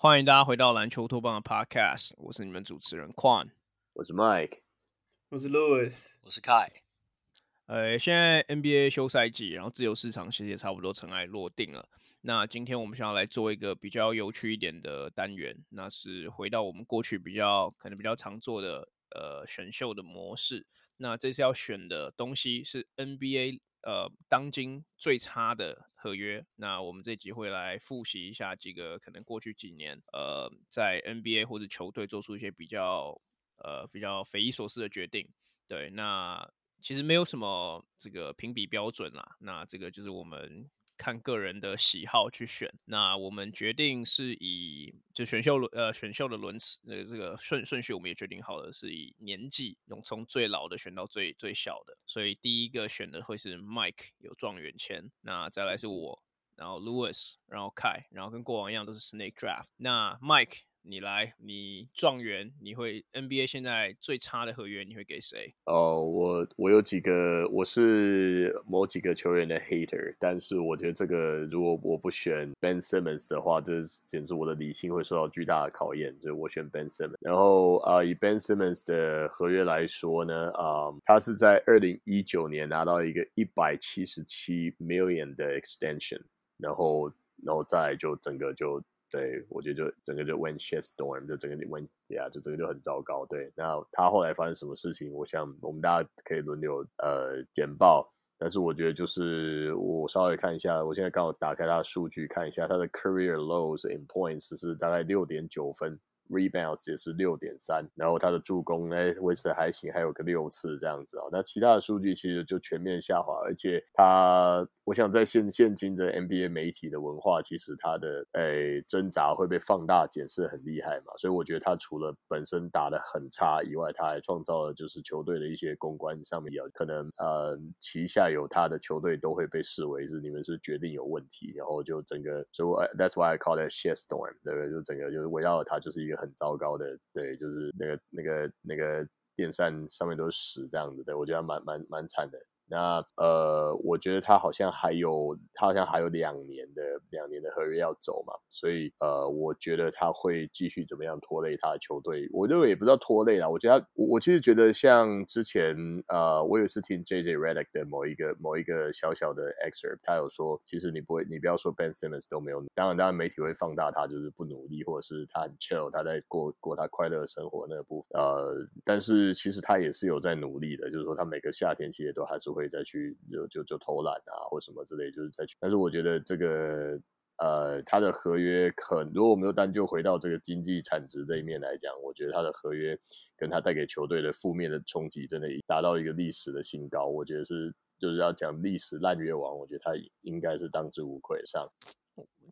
歡迎大家回到籃球烏托邦的 Podcast，我是你們主持人 Kwan，我是 Mike，我是 Lewis，我是 Kai。呃，現在 NBA 休賽季，然後自由市場其實也差不多塵埃落定了。那今天我們想要來做一個比較有趣一點的單元，那是回到我們過去比較可能比較常做的呃選秀的模式。那這次要選的東西是 NBA 呃當今最差的合約。那我們這集會來複習一下幾個可能過去幾年呃在 NBA 或者球隊做出一些比較呃比較匪夷所思的決定。對，那其實沒有什麼這個評比標準啦。那這個就是我們。看個人的喜好去選，那我們決定是以就選秀輪呃選秀的輪次呃這個順順序我們也決定好了，是以年紀從最老的選到最最小的，所以第一個選的會是 Mike 有狀元籤，那再來是我，然後 Louis，然後 Kai 然後跟過往一樣都是 Snake Draft，那 Mike。你來，你狀元，你會 NBA 現在最差的合約，你會給誰？哦、oh，我我有幾個，我是某幾個球員的 hater，但是我覺得這個如果我不選 Ben Simmons 的話，這簡直我的理性會受到巨大的考驗，所以我選 Ben Simmons。然後啊，uh, 以 Ben Simmons 的合約來說呢，啊、um，他是在二零一九年拿到一個一百七十七 million 的 extension，然後然後再就整個就。對，我覺得就整個就 went shit storm，就整個就 went，h、yeah, 就整個就很糟糕。對，那他後來發生什麼事情？我想我們大家可以輪流呃簡報。但是我覺得就是我稍微看一下，我現在剛好打開他的數據看一下，他的 career lows in points 是大概六點九分，rebounds 也是六點三，然後他的助攻呢，維持的還行，還有個六次這樣子啊、哦。那其他的數據其實就全面下滑，而且他。我想在現現今的 NBA 媒體的文化，其實它的誒、哎、掙扎會被放大、檢視很厲害嘛，所以我覺得他除了本身打得很差以外，他還創造了就是球隊的一些公關上面有可能呃旗下有他的球隊都會被視為是你們是，是決定有問題，然後就整個所以 That's why I call it a shit storm，對不對？就整個就是圍繞着他就是一個很糟糕的，對，就是那個那個那個電扇上面都是屎這樣子，對我覺得蠻蠻蠻慘的。那呃，我覺得他好像還有，他好像還有兩年的兩年的合約要走嘛，所以呃，我覺得他會繼續怎麼樣拖累他的球隊。我認為也不知道拖累啦，我覺得他我我其實覺得像之前呃，我有一次聽 JJ Redick 的某一個某一個小小的 excerpt，他有說，其實你不會，你不要說 Ben Simmons 都沒有，當然，當然媒體會放大他就是不努力，或者是他很 chill，他在過過他快樂生活的那個部分。呃，但是其實他也是有在努力的，就是說他每個夏天其實都還是會。會再去就就就偷懶啊，或什麼之類，就是再去。但是我覺得這個呃，他的合約很，如果我沒有單，就回到這個經濟產值這一面來講，我覺得他的合約跟他帶給球隊的負面的衝擊，真的已達到一個歷史的新高。我覺得是就是要講歷史爛約王，我覺得他應該是當之無愧上。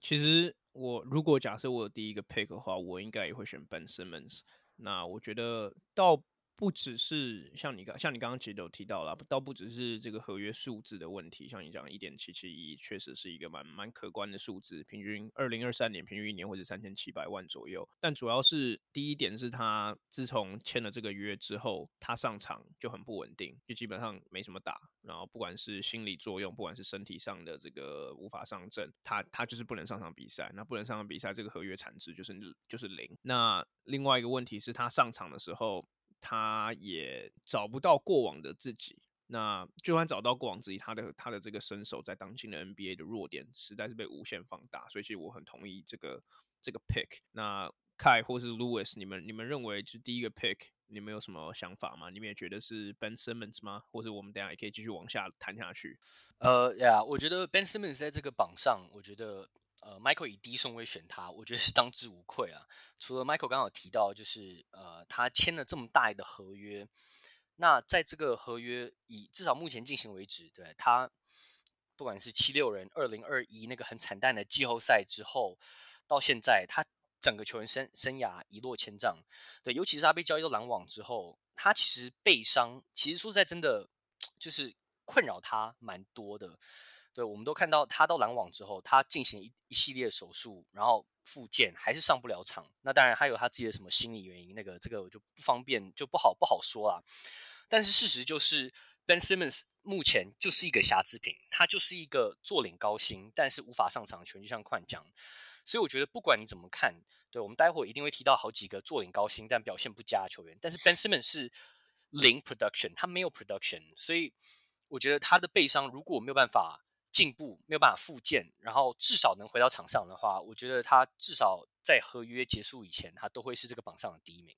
其實我如果假設我有第一個 pick 的話，我應該也會選 Ben Simmons。那我覺得到。不只是像你剛像你剛剛其實有提到了，倒不只是這個合約數字的問題。像你講一點七七億確實是一個蠻蠻可觀的數字。平均二零二三年平均一年會是三千七百萬左右。但主要是第一點是，他自從簽了這個約之後，他上場就很不穩定，就基本上沒什麼打。然後不管是心理作用，不管是身體上的這個無法上陣，他他就是不能上場比賽。那不能上場比賽，這個合約產值就是就是零。那另外一個問題是，他上場的時候，他也找不到過往的自己。那就算找到過往自己，他的他的這個身手在當今的 NBA 的弱點，實在是被無限放大。所以，我很同意這個這個 pick。那 Kai 或是 l o u i s 你們你們認為就第一個 pick，你們有什麼想法嗎？你們也覺得是 Ben Simmons 嗎？或者我們等下也可以繼續往下談下去。呃呀，我覺得 Ben Simmons 在這個榜上，我覺得。呃，Michael 以第一順位選他，我覺得是當之無愧啊。除了 Michael 剛好提到，就是呃，他簽了這麼大的合約。那在這個合約以至少目前進行為止，對，他不管是七六人二零二一那個很慘淡的季後賽之後，到現在他整個球員生生涯一落千丈。對，尤其是他被交易到籃網之後，他其實背傷，其實說實在真的就是困擾他蠻多的。對，我們都看到他到籃網之後，他進行一一系列的手術，然後復健，還是上不了場。那當然，他有他自己的什麼心理原因，那個這個我就不方便，就不好不好說啦。但是事實就是，Ben Simmons 目前就是一個瑕疵品，他就是一個坐領高薪，但是無法上場的球員，就像剛才講。所以我覺得不管你怎麼看，對，我們待會一定會提到好幾個坐領高薪但表現不佳的球員。但是 Ben Simmons 是零 production，他沒有 production，所以我覺得他的背傷如果我沒有辦法。進步沒有辦法複健，然後至少能回到場上的話，我覺得他至少在合約結束以前，他都會是這個榜上的第一名。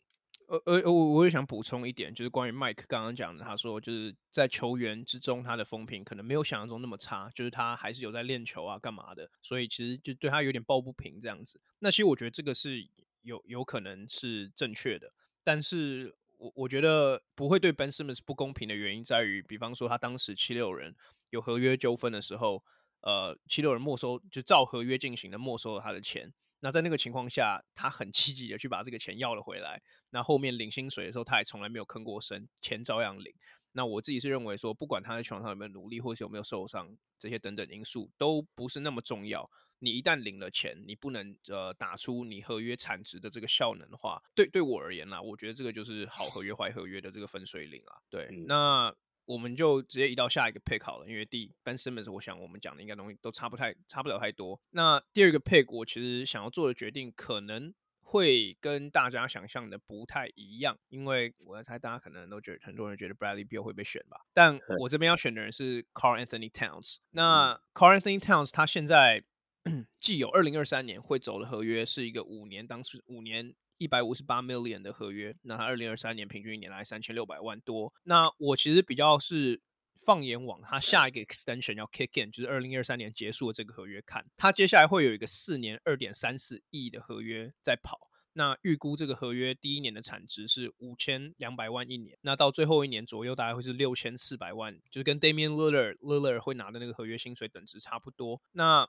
呃呃，我我也想補充一點，就是關於麥克剛剛講的，他說就是在球員之中，他的風評可能沒有想象中那麼差，就是他還是有在練球啊，幹嘛的，所以其實就對他有點抱不平這樣子。那其實我覺得這個是有有可能是正確的，但是我我覺得不會對 Ben Simmons 不公平的原因在於，比方說他當時七六人，有合約糾紛的時候，呃，七六人沒收就照合約進行的沒收了他的錢。那在那個情況下，他很積極的去把這個錢要了回來。那後面領薪水的時候，他也從來沒有吭過聲，錢照樣領。那我自己是認為說，不管他在球場上有沒有努力，或者有沒有受傷，這些等等因素都不是那麼重要。你一旦領了錢，你不能呃打出你合約產值的這個效能，的話，對對我而言啦，我覺得這個就是好合約、壞合約的這個分水嶺啊。對，嗯、那。我們就直接移到下一個 pick 好了，因為第一 Ben Simmons 我想我們講的應該東西都差不太差不了太多。那第二個 pick 我其實想要做的決定可能會跟大家想象的不太一樣，因為我在猜大家可能都覺得很多人覺得 Bradley Beal 會被選吧，但我這邊要選的人是 Karl Anthony Towns、嗯。那 Karl Anthony Towns 他現在既有二零二三年會走的合約，是一個五年，當時五年。一百五十八 million 的合約，那他二零二三年平均一年來三千六百萬多。那我其實比較是放眼往他下一個 extension 要 kick in，就是二零二三年結束的這個合約看，他接下來會有一個四年二點三四億的合約在跑。那預估這個合約第一年的產值是五千兩百萬一年，那到最後一年左右大概會是六千四百萬，就是跟 Damian Lillard Lillard 會拿的那個合約薪水等值差不多。那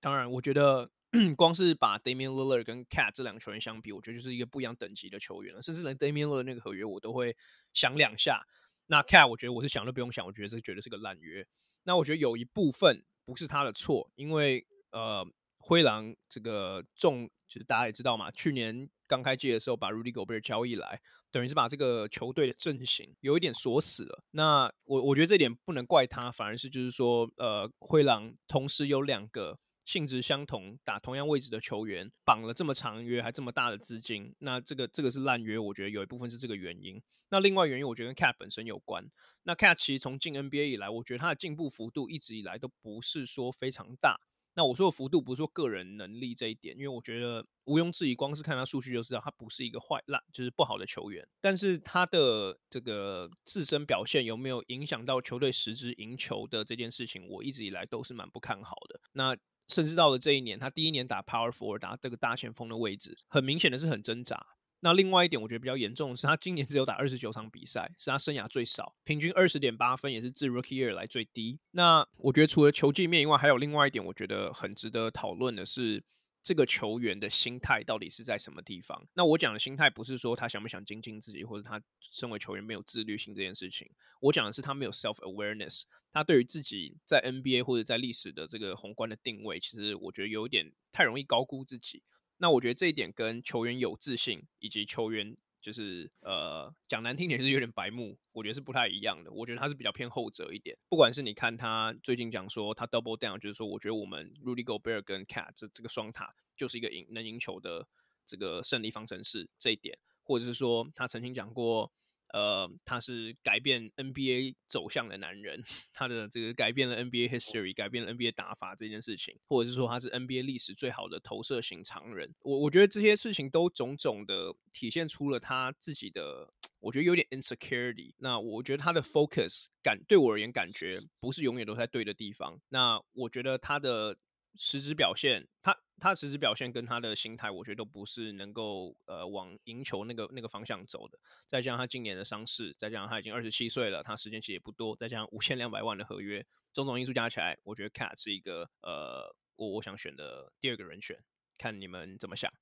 當然，我覺得。 光是把 Damian Lillard 跟 KAT 這兩個球員相比，我覺得就是一個不一樣等級的球員了。甚至連 Damian Lillard 那個合約我都會想兩下，那 KAT 我覺得我是想都不用想，我覺得這絕對是個爛約。那我覺得有一部分不是他的錯，因為呃，灰狼這個重就是大家也知道嘛，去年剛開季的時候把 Rudy Gobert 交易來，等於是把這個球隊的陣型有一點鎖死了。那我我覺得這點不能怪他，反而是就是說呃，灰狼同時有兩個。性質相同，打同樣位置的球員，綁了這麼長約還這麼大的資金，那這個這個是爛約，我覺得有一部分是這個原因。那另外原因，我覺得跟 KAT 本身有關。那 KAT 其實從進 NBA 以來，我覺得他的進步幅度一直以來都不是說非常大。那我說的幅度不是說個人能力這一點，因為我覺得毋庸置疑，光是看他數據就知道他不是一個壞爛，就是不好的球員。但是他的這個自身表現有沒有影響到球隊實質贏球的這件事情，我一直以來都是蠻不看好的。那甚至到了這一年，他第一年打 Power Forward，打這個大前鋒的位置，很明顯的是很掙扎。那另外一點，我覺得比較嚴重的是，他今年只有打二十九場比賽，是他生涯最少，平均二十點八分，也是自 Rookie Year 來最低。那我覺得除了球技面以外，還有另外一點，我覺得很值得討論的是，這個球員的心態到底是在什麼地方？那我講的心態不是說他想不想精進自己，或者他身為球員沒有自律性這件事情。我講的是他沒有 self awareness，他對於自己在 NBA 或者在歷史的這個宏觀的定位，其實我覺得有點太容易高估自己。那我覺得這一點跟球員有自信，以及球員。就是呃，講難聽點就是有點白目，我覺得是不太一樣的。我覺得他是比較偏後者一點，不管是你看他最近講說他 double down，就是說我覺得我們 Rudy Gobert 跟 Cat 這這個雙塔就是一個贏能贏球的這個勝利方程式這一點，或者是說他曾經講過。呃，他是改變 NBA 走向的男人，他的這個改變了 NBA history，改變了 NBA 打法這件事情，或者是說他是 NBA 歷史最好的投射型長人。我我覺得這些事情都種種的體現出了他自己的，我覺得有點 insecurity。那我覺得他的 focus 感對我而言感覺不是永遠都在對的地方。那我覺得他的實質表現，他。他其實表現跟他的心態，我覺得都不是能夠呃往贏球那個那個方向走的。再加上他今年的傷勢，再加上他已經二十七歲了，他時間其實也不多。再加上五千兩百萬的合約，種種因素加起來，我覺得 KAT 是一個呃，我我想選的第二個人選。看你們怎麼想。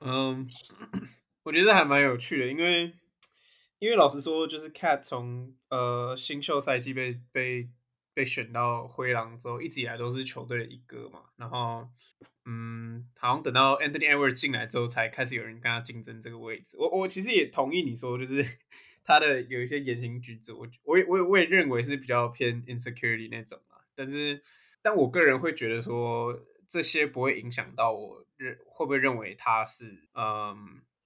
嗯，um, 我覺得還蠻有趣的，因為因為老實說，就是 KAT 從呃新秀賽季被被。被選到灰狼之後，一直以來都是球隊的一哥嘛，然後嗯，好像等到 Anthony Edwards 進來之後，才開始有人跟他競爭這個位置。我我其實也同意你說，就是他的有一些言行舉止，我我我我也認為是比較偏 insecurity 那種嘛。但是，但我個人會覺得說，這些不會影響到我認會不會認為他是嗯、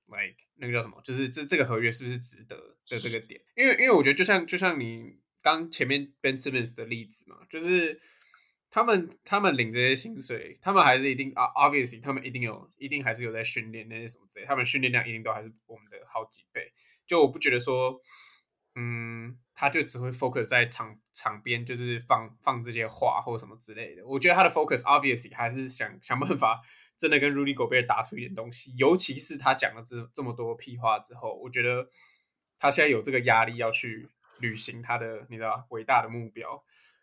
um，like 那個叫什麼，就是這這個合約是不是值得的這個點？是因為因為我覺得就像就像你。剛前面 Ben Simmons 的例子嘛，就是他們他們領這些薪水，他們還是一定啊，Obviously，他們一定有，一定還是有在訓練那些什麼之類，他們訓練量一定都還是我們的好幾倍。就我不覺得說，嗯，他就只會 focus 在場場邊就是放放這些話或什麼之類的。我覺得他的 focus obviously 還是想想辦法，真的跟 Rudy Gobert 打出一點東西。尤其是他講了這這麼多屁話之後，我覺得他現在有這個壓力要去。履行他的，你知道，偉大的目標。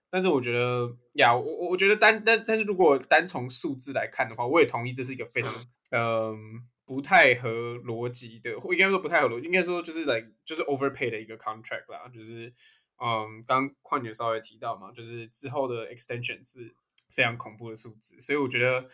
但是我覺得呀，我我覺得單單，但是如果單從數字來看的話，我也同意這是一個非常，嗯、呃，不太合邏輯的，或應該說不太合邏輯，應該說就是來、like, 就是 overpay 的一個 contract 啦，就是嗯，剛礦姐稍微提到嘛，就是之後的 extension 是非常恐怖的數字，所以我覺得。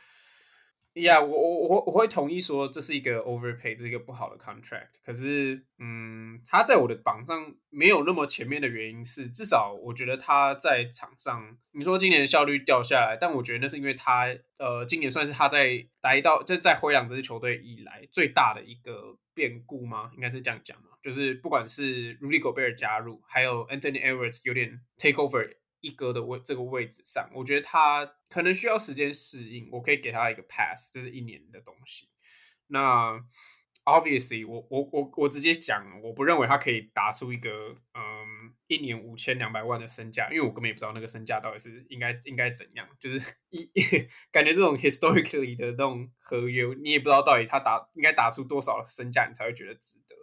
呀、yeah，我我我我會同意說，這是一個 overpay，這是一個不好的 contract。可是，嗯，他在我的榜上沒有那麼前面的原因是，至少我覺得他在場上，你說今年的效率掉下來，但我覺得那是因為他，呃，今年算是他在來到就在灰狼這支球隊以來最大的一個變故嗎？應該是這樣講嘛，就是不管是 Rudy Gobert 加入，還有 Anthony Edwards 有點 take over。一哥的位，這個位置上，我覺得他可能需要時間適應，我可以給他一個 pass，就是一年的東西。那 obviously，我我我我直接講，我不認為他可以打出一個嗯一年五千兩百萬的身價，因為我根本也不知道那個身價到底是應該應該怎樣，就是一 感覺這種 historically 的這種合約，你也不知道到底他打應該打出多少的身價你才會覺得值得。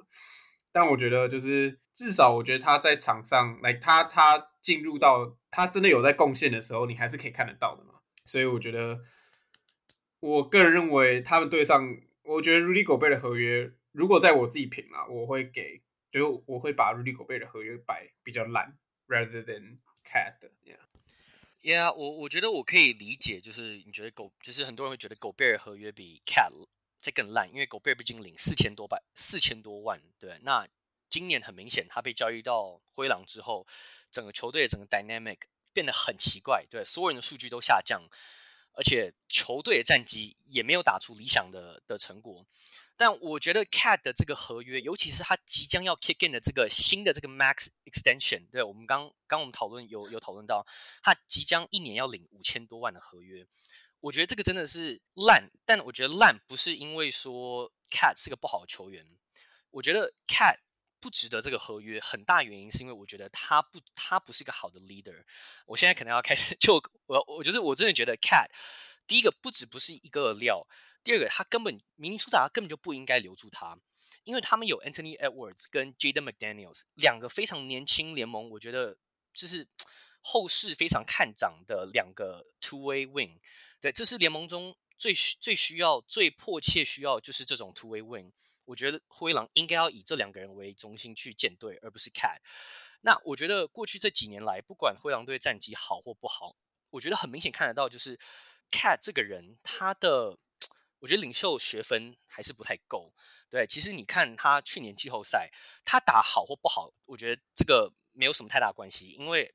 但我覺得就是至少我覺得他在場上來，他他進入到。他真的有在貢獻的時候，你還是可以看得到的嘛？所以我覺得，我個人認為他們對上，我覺得 Rudy g o 的合約，如果在我自己評啊，我會給，就是我會把 Rudy g o 的合約擺比較爛，rather than Cat。yeah，yeah，yeah, 我我覺得我可以理解，就是你覺得狗，就是很多人會覺得狗貝 e 合約比 Cat 再更爛，因為狗貝 e a r 不四千多百四千多萬，對、啊，那。今年很明顯，他被交易到灰狼之後，整個球隊的整個 dynamic 變得很奇怪，對所有人的數據都下降，而且球隊的戰績也沒有打出理想的的成果。但我覺得 KAT 的這個合約，尤其是他即將要 kick in 的這個新的這個 max extension，對，我們剛剛我們討論有有討論到，他即將一年要領五千多萬的合約，我覺得這個真的是爛。但我覺得爛不是因為說 KAT 是個不好的球員，我覺得 KAT。不值得這個合約，很大原因是因為我覺得他不，他不是一個好的 leader。我現在可能要開始就，就我，我覺得我真的覺得 KAT 第一個不止不是一個料，第二個他根本明尼蘇達他根本就不應該留住他，因為他們有 Anthony Edwards 跟 Jaden McDaniels 兩個非常年輕聯盟，我覺得就是後市非常看漲的兩個 two way win。Wing, 對，這是聯盟中最最需要、最迫切需要就是這種 two way win。Wing, 我覺得灰狼應該要以這兩個人為中心去建隊，而不是 KAT。那我覺得過去這幾年來，不管灰狼隊戰績好或不好，我覺得很明顯看得到，就是 KAT 這個人，他的我覺得領袖學分還是不太夠。對，其實你看他去年季後賽，他打好或不好，我覺得這個沒有什麼太大關係，因為。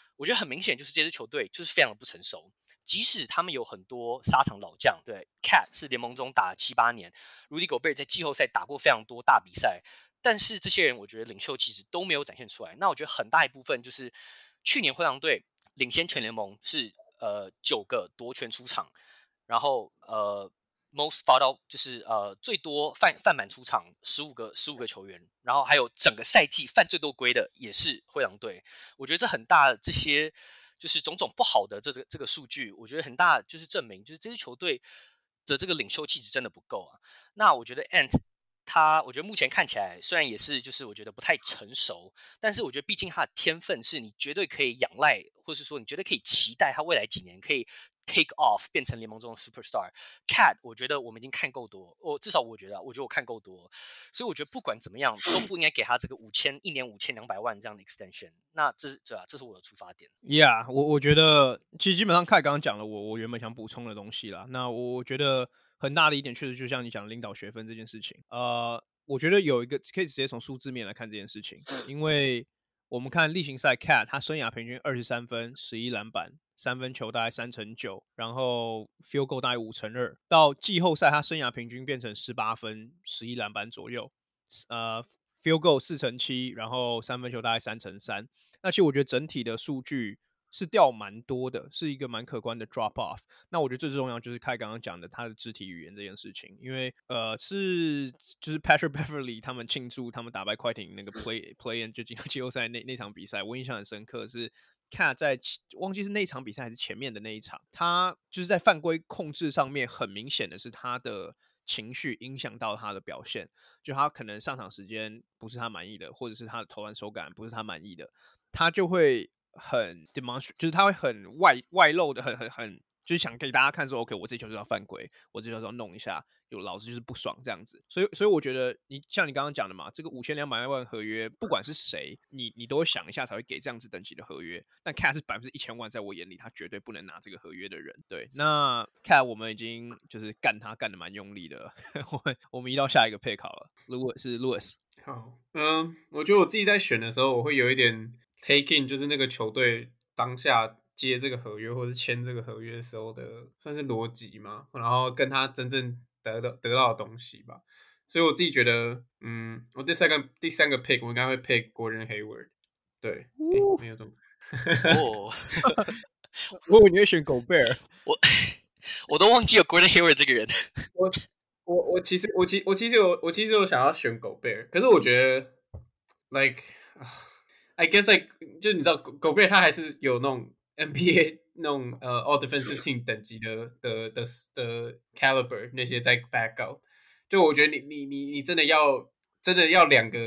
我覺得很明顯，就是這支球隊就是非常的不成熟。即使他們有很多沙場老將，對，KAT 是聯盟中打了七八年，Rudy Gobert 在季後賽打過非常多大比賽，但是這些人我覺得領袖其實都沒有展現出來。那我覺得很大一部分就是去年灰狼隊領先全聯盟是呃九個奪權出場，然後呃。Most thought of 就是呃最多犯犯滿出場十五個十五個球員，然後還有整個賽季犯最多規的也是灰狼隊。我覺得這很大的，這些就是種種不好的這個這個數據，我覺得很大就是證明，就是這支球隊的這個領袖氣質真的不夠啊。那我覺得 Ant 他，我覺得目前看起來雖然也是就是我覺得不太成熟，但是我覺得畢竟他的天分是你絕對可以仰賴，或是說你絕對可以期待他未來幾年可以。Take off 變成聯盟中的 superstar，KAT 我覺得我們已經看夠多，我至少我覺得，我覺得我看夠多，所以我覺得不管怎麼樣都不應該給他這個五千一年五千兩百萬這樣的 extension，那這是這、啊、這是我的出發點。Yeah，我我覺得其實基本上 cat 剛剛講了我我原本想補充的東西啦，那我覺得很大的一點確實就像你講的領導學分這件事情，呃，uh，我覺得有一個可以直接從數字面來看這件事情，因為我們看例行賽 KAT 他生涯平均二十三分十一籃板。三分球大概三成九，然後 field goal 大概五成二。到季後賽，他生涯平均變成十八分、十一籃板左右。呃，field goal 四成七，然後三分球大概三成三。那其實我覺得整體的數據是掉蠻多的，是一個蠻可觀的 drop off。那我覺得最重要就是開剛剛講的他的肢體語言這件事情，因為呃是就是 Patrick Beverley 他們慶祝他們打敗快艇那個 play play in 就進季後賽那那場比賽，我印象很深刻的是。看，在忘記是那一場比賽還是前面的那一場，他就是在犯規控制上面很明顯的是他的情緒影響到他的表現，就他可能上場時間不是他滿意的，或者是他的投籃手感不是他滿意的，他就會很 demonstrative，就是他會很外外露的，很很很。就是想給大家看說，OK，我這球就是要犯規，我這球就要弄一下，有老子就是不爽這樣子，所以所以我覺得你像你剛剛講的嘛，這個五千兩百萬合約，不管是誰，你你都會想一下才會給這樣子等級的合約。但 KAT 是百分之一千萬，在我眼裡他絕對不能拿這個合約的人。對，那 KAT 我們已經就是幹他幹得蠻用力的， 我我們移到下一個 pick 好了。如果是 Louis 好，嗯，我覺得我自己在選的時候，我會有一點 take in，就是那個球隊當下。接這個合約或者簽這個合約的時候的算是邏輯嘛，然後跟他真正得到得到的東西吧。所以我自己覺得，嗯，我第三個第三個 pick 我應該會 pick Gordon Hayward，對嗚、欸，沒有錯。我我應該選狗 bear，我我都忘記有 Gordon Hayward 這個人。我我我其實我其我其實我我其實有我其實有想要選狗 bear，可是我覺得，like I guess like 就你知道狗狗 bear 他還是有那種。NBA 那種呃、uh、All Defensive Team 等級的的的的 Caliber 那些在 back out，就我覺得你你你你真的要真的要兩個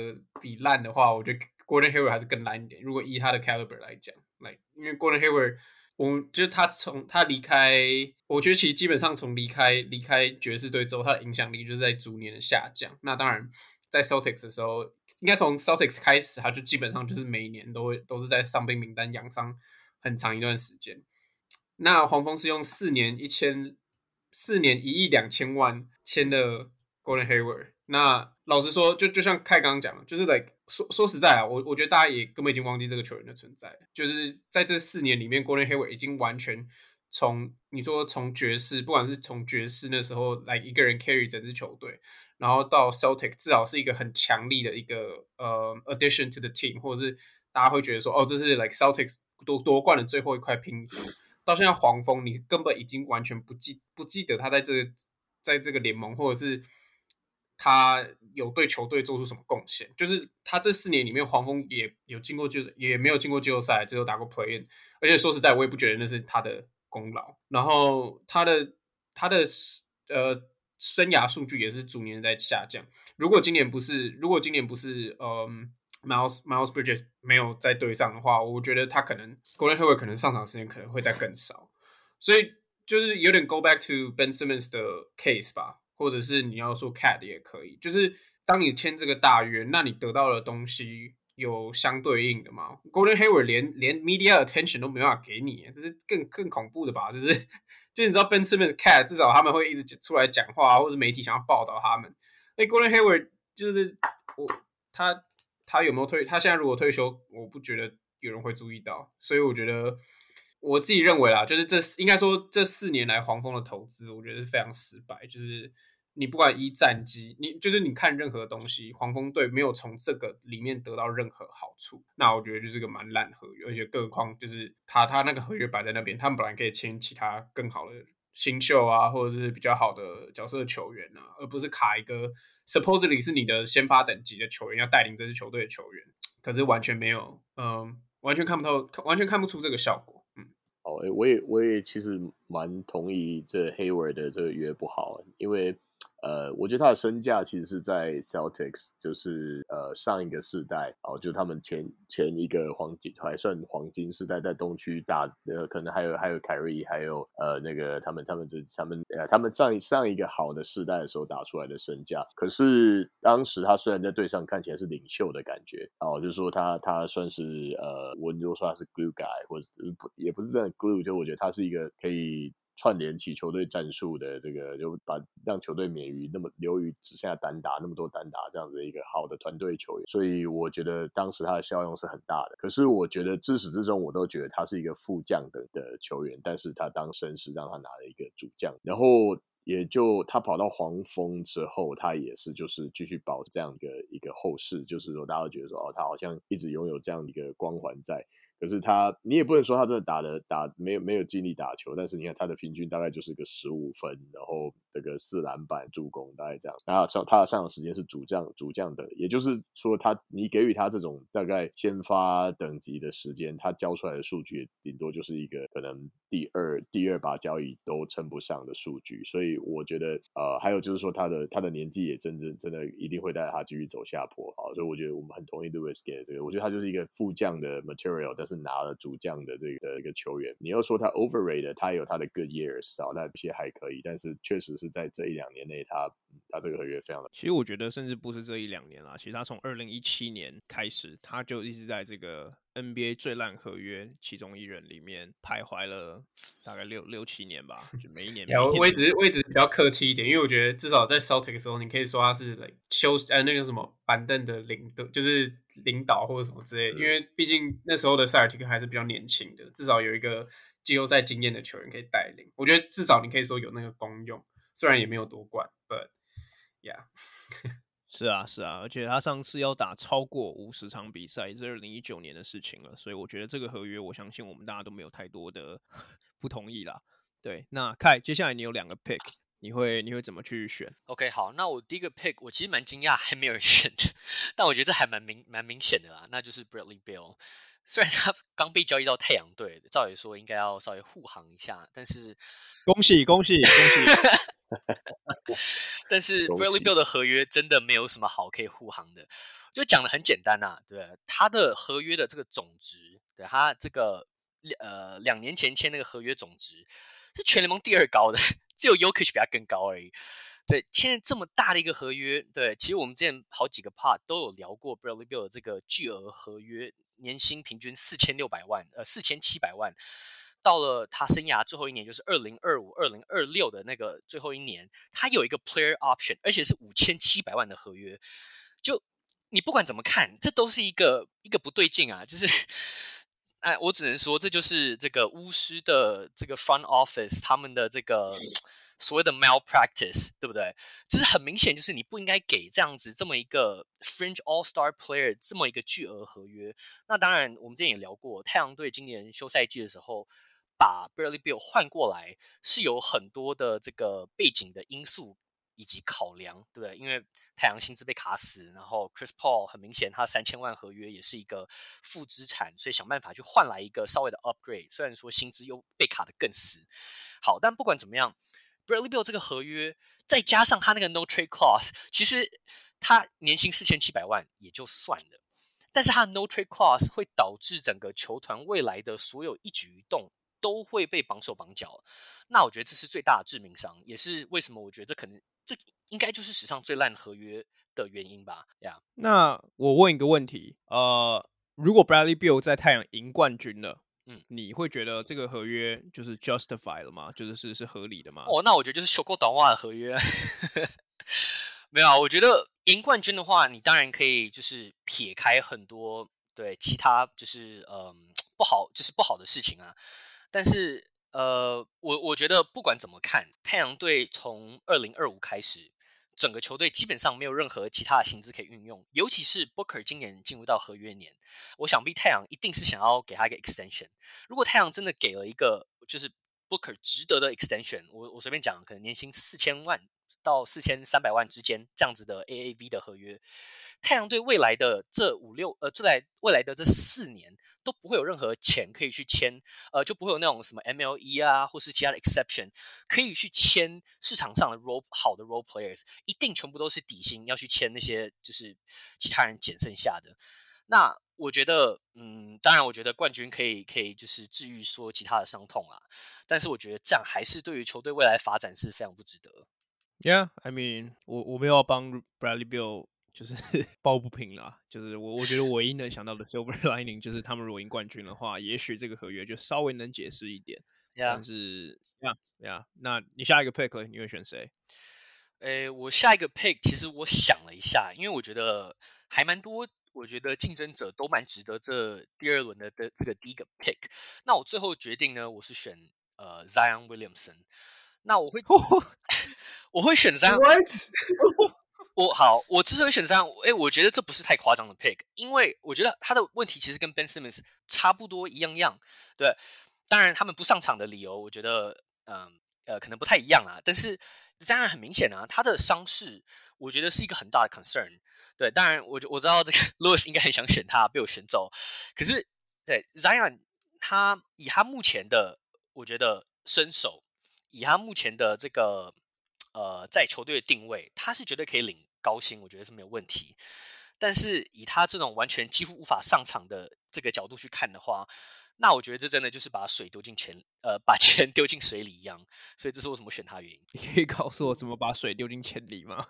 比爛的話，我覺得 Gordon Hayward 還是更爛一點。如果以他的 Caliber 來講，來、like、因為 Gordon Hayward，我就是他從他離開，我覺得其實基本上從離開離開爵士隊之後，他的影響力就是在逐年的下降。那當然，在 Celtics 的時候，應該從 Celtics 開始，他就基本上就是每年都會都是在傷兵名單養傷。很長一段時間，那黃蜂是用四年一千四年一億兩千萬簽的 Gordon Hayward。那老實說，就就像凱剛講，就是來、like, 說說實在啊，我我覺得大家也根本已經忘記這個球員的存在。就是在這四年裡面，Gordon Hayward 已經完全從你說從爵士，不管是從爵士那時候來、like, 一個人 carry 整支球隊，然後到 Celtic 至少是一個很強力的一個呃、um, addition to the team，或者是。大家會覺得說，哦，這是 like Celtics 奪奪冠的最後一塊拼圖。到現在，黃蜂你根本已經完全不記不記得他在這個在這個聯盟，或者是他有對球隊做出什麼貢獻。就是他這四年裡面，黃蜂也有進過就，就是也沒有進過季後賽，只有打過 play-in。In, 而且說實在，我也不覺得那是他的功勞。然後他的他的呃，生涯數據也是逐年在下降。如果今年不是，如果今年不是，嗯、呃。Miles Miles Bridges 沒有在隊上的話，我覺得他可能 Gordon Hayward 可能上場時間可能會再更少，所以就是有點 Go back to Ben Simmons 的 case 吧，或者是你要說 Cat 也可以，就是當你簽這個大約，那你得到的東西有相對應的嘛？Gordon Hayward 連連 media attention 都沒辦法給你，這是更更恐怖的吧？就是就你知道 Ben Simmons Cat 至少他們會一直出來講話，或者媒體想要報道他們，誒 Gordon Hayward 就是我他。他有沒有退？他現在如果退休，我不覺得有人會注意到。所以我覺得我自己認為啦，就是這應該說這四年來黃蜂的投資，我覺得是非常失敗。就是你不管一戰機，你就是你看任何東西，黃蜂隊沒有從這個裡面得到任何好處。那我覺得就是個蠻爛合約，而且更何況就是他他那個合約擺在那邊，他們本來可以簽其他更好的。新秀啊，或者是比較好的角色的球員啊，而不是卡一個 supposedly 是你的先發等級的球員，要帶領這支球隊的球員，可是完全沒有，嗯、呃，完全看不透，完全看不出這個效果。嗯，好，哎，我也我也其實蠻同意這黑尾的這個約不好，因為。呃，我覺得他的身價其實是在 Celtics，就是呃上一個世代哦，就他們前前一個黃金還算黃金時代，在東區打，呃，可能還有還有 Kyrie，還有呃那個他們他們這他們呃他們上上一個好的世代的時候打出來的身價。可是當時他雖然在隊上看起來是領袖的感覺哦，就是說他他算是呃，我們都說他是 glue guy，或者也不是真的 glue，就我覺得他是一個可以。串聯起球隊戰術的這個，就把讓球隊免於那麼流於只剩下單打那麼多單打這樣子的一個好的團隊球員，所以我覺得當時他的效用是很大的。可是我覺得自始至終我都覺得他是一個副將的的球員，但是他當時是讓他拿了一個主將，然後也就他跑到黃蜂之後，他也是就是繼續保持這樣一個一個後勢，就是說大家都覺得說哦，他好像一直擁有這樣一個光環在。可是他，你也不能說他這打的打沒，沒有沒有盡力打球，但是你看他的平均大概就是個十五分，然後這個四籃板助攻大概這樣，然後上他的上場時間是主將主將的，也就是說他你給予他這種大概先發等級的時間，他交出來的數據頂多就是一個可能第二第二把交椅都稱不上的數據，所以我覺得呃，還有就是說他的他的年紀也真正真的一定會帶他繼續走下坡啊，所以我覺得我們很同意 Louis 這個，我覺得他就是一個副將的 material。是拿了主將的這個的一個球員，你要說他 overrated，他有他的 good years，那其實還可以，但是確實是在這一兩年內他。他、啊、這個合約非常的，其實我覺得甚至不是這一兩年了、啊，其實他從二零一七年開始，他就一直在這個 NBA 最爛合約其中一人裡面徘徊了大概六六七年吧，就每一年。 一我我一直我一直比較客氣一點，因為我覺得至少在 Celtics 的時候，你可以說他是 like, 休呃、哎、那個什麼板凳的領，就是領導或者什麼之類的，嗯、因為畢竟那時候的塞爾提克還是比較年輕的，至少有一個季後賽經驗的球員可以帶領。我覺得至少你可以說有那個功用，雖然也沒有奪冠，嗯 but Yeah， 是啊，是啊，而且他上次要打超過五十場比賽，是二零一九年的事情了，所以我覺得這個合約，我相信我們大家都沒有太多的不同意啦。對，那凱，接下來你有兩個 pick，你會你會怎麼去選？OK，好，那我第一個 pick，我其實蠻驚訝，還沒有選，但我覺得這還蠻明蠻明顯的啦，那就是 Bradley Beal。雖然他剛被交易到太陽隊，照理說應該要稍微護航一下，但是恭喜恭喜恭喜！但是 Bradley Beal 的合約真的沒有什麼好可以護航的。就講的很簡單呐、啊，對，他的合約的這個總值，對，他這個兩呃兩年前簽那個合約總值是全聯盟第二高的，只有 Jokic 比他更高而已。對，簽了這麼大的一個合約，對，其實我們之前好幾個 part 都有聊過 Bradley Beal 的這個巨額合約。年薪平均四千六百萬，呃，四千七百萬。到了他生涯最後一年，就是二零二五、二零二六的那個最後一年，他有一個 player option，而且是五千七百萬的合約。就你不管怎麼看，這都是一個一個不對勁啊！就是，哎，我只能說，這就是這個巫師的這個 front office，他們的這個。所謂的 malpractice，對不對？就是很明顯，就是你不應該給這樣子這麼一個 fringe all star player，這麼一個巨額合約。那當然，我們之前也聊過，太陽隊今年休賽季的時候把 Bradley Beal 換過來，是有很多的這個背景的因素以及考量，對不對？因為太陽薪資被卡死，然後 Chris Paul 很明顯他三千萬合約也是一個負資產，所以想辦法去換來一個稍微的 upgrade，雖然說薪資又被卡得更死。好，但不管怎麼樣。Bradley Beal 這個合約，再加上他那個 No Trade Clause，其實他年薪四千七百萬也就算了，但是他的 No Trade Clause 會導致整個球團未來的所有一舉一動都會被綁手綁腳，那我覺得這是最大的致命傷，也是為什麼我覺得這可能這應該就是史上最爛合約的原因吧。呀、yeah.，那我問一個問題，呃，如果 Bradley Beal 在太陽贏冠軍了？嗯，你會覺得這個合約就是 justify 了嗎？就是是、是是合理的嗎？哦，那我覺得就是收購短襪的合約。 沒有啊，我覺得贏冠軍的話，你當然可以就是撇開很多對其他就是嗯、呃、不好就是不好的事情啊。但是呃，我我覺得不管怎麼看，太陽隊從二零二五開始，整個球隊基本上沒有任何其他的薪資可以運用，尤其是 Booker 今年進入到合約年，我想必太陽一定是想要給他一個 extension。如果太陽真的給了一個就是 Booker 值得的 extension，我我隨便講，可能年薪四千萬。到四千三百萬之間這樣子的 A A V 的合約，太陽隊未來的這五六呃，這在未來的這四年都不會有任何錢可以去簽，呃就不會有那種什麼 M L E 啊，或是其他的 exception 可以去簽市場上的 role 好的 role players，一定全部都是底薪要去簽那些就是其他人撿剩下的。那我覺得，嗯，當然我覺得冠軍可以可以就是治癒說其他的傷痛啊，但是我覺得這樣還是對於球隊未來發展是非常不值得。Yeah, I mean, 我我沒要幫 Bradley Beal 就是抱不平啦。就是我我覺得唯一能想到的 silver lining 就是他們如果贏冠軍的話，也許這個合約就稍微能解釋一點。Yeah, 但是 Yeah Yeah。那你下一個 pick 你會選誰？誒、欸，我下一個 pick，其實我想了一下，因為我覺得還蠻多，我覺得競爭者都蠻值得這第二輪的的這個第一個 pick。那我最後決定呢，我是選呃 Zion Williamson。那我會，oh, 我會選三 What ?、oh. 我好，我之所以選三，哎，我覺得這不是太誇張的 pick，因為我覺得他的問題其實跟 Ben Simmons 差不多一樣樣。對，當然他們不上場的理由，我覺得，嗯、呃，呃，可能不太一樣啊。但是 z 而很明顯啊，他的傷勢，我覺得是一個很大的 concern。對，當然我，我我知道這個 Lewis 應該很想選他，被我選走。可是，對 z i 他以他目前的，我覺得身手。以他目前的這個，呃，在球隊的定位，他是絕對可以領高薪，我覺得是沒有問題。但是以他這種完全幾乎無法上場的這個角度去看的話，那我覺得這真的就是把水丟進錢，呃，把錢丟進水裡一樣。所以這是為什麼選他的原因。你可以告訴我怎麼把水丟進錢裡嗎？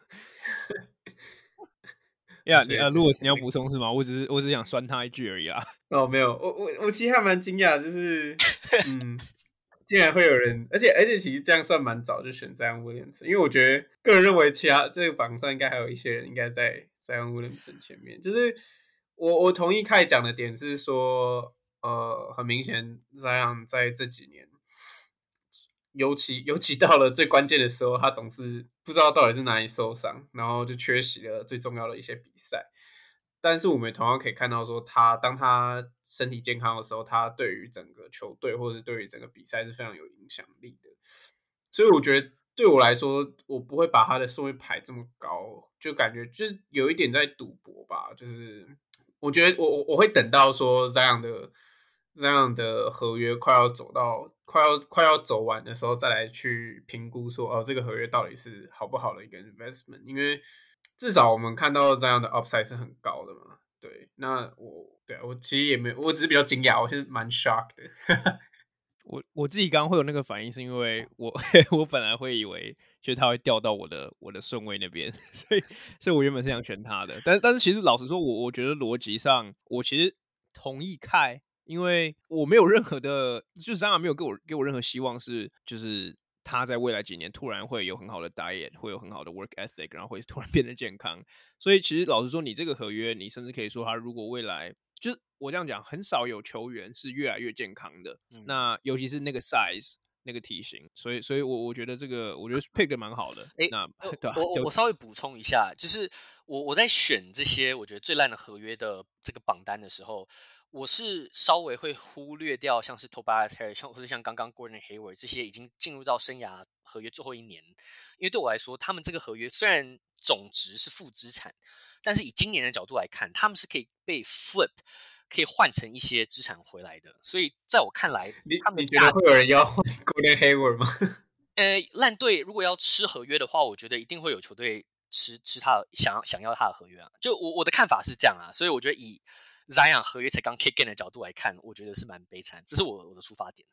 呀，呃，如果你要補充是嗎？我只是我只是想酸他一句而已啊。哦，沒有，我我我其實還蠻驚訝，就是嗯。 竟然會有人，而且而且其實這樣算蠻早就選 Zion Williamson，因為我覺得個人認為其他這個榜上應該還有一些人應該在 Zion Williamson 前面。就是我我同意 Kai 講的點是說，呃，很明顯 Zion 在這幾年，尤其尤其到了最關鍵的時候，他總是不知道到底是哪裡受傷，然後就缺席了最重要的一些比賽。但是我們同樣可以看到，說他當他身體健康的時候，他對於整個球隊或者是對於整個比賽是非常有影響力的。所以我覺得對我來說，我不會把他的順位排這麼高，就感覺就是有一點在賭博吧。就是我覺得我我我會等到說這樣的這樣的合約快要走到快要快要走完的時候，再來去評估說哦，這個合約到底是好不好的一個 investment，因為。至少我們看到這樣的 upside 是很高的嘛？對，那我，對，我其實也沒有，我只是比較驚訝，我是蠻 shock 的。我我自己剛剛會有那個反應，是因為我我本來會以為，就是他會掉到我的我的順位那邊，所以所以，我原本是想選他的。但但是，其實老實說我，我我覺得邏輯上，我其實同意開，因為我沒有任何的，就是當然沒有給我給我任何希望，是就是。他在未來幾年突然會有很好的 diet，會有很好的 work ethic，然後會突然變得健康。所以其實老實說，你這個合約，你甚至可以說他如果未來就是我這樣講，很少有球員是越來越健康的。嗯、那尤其是那個 size 那個體型，所以所以我我覺得這個我覺得配得蠻好的。哎、欸，那、呃、我我稍微補充一下，就是我我在選這些我覺得最爛的合約的這個榜單的時候。我是稍微會忽略掉像是 Tobias Harris，或者像剛剛 Gordon Hayward 這些已經進入到生涯合約最後一年，因為對我來說，他們這個合約雖然總值是負資產，但是以今年的角度來看，他們是可以被 flip，可以換成一些資產回來的。所以在我看來，你覺得會有人要 Gordon Hayward 嗎？呃，爛隊如果要吃合約的話，我覺得一定會有球隊吃吃他的想想要他的合約啊。就我我的看法是這樣啊，所以我覺得以。Zion 合約才剛 kick in 的角度來看，我覺得是蠻悲慘。這是我我的出發點。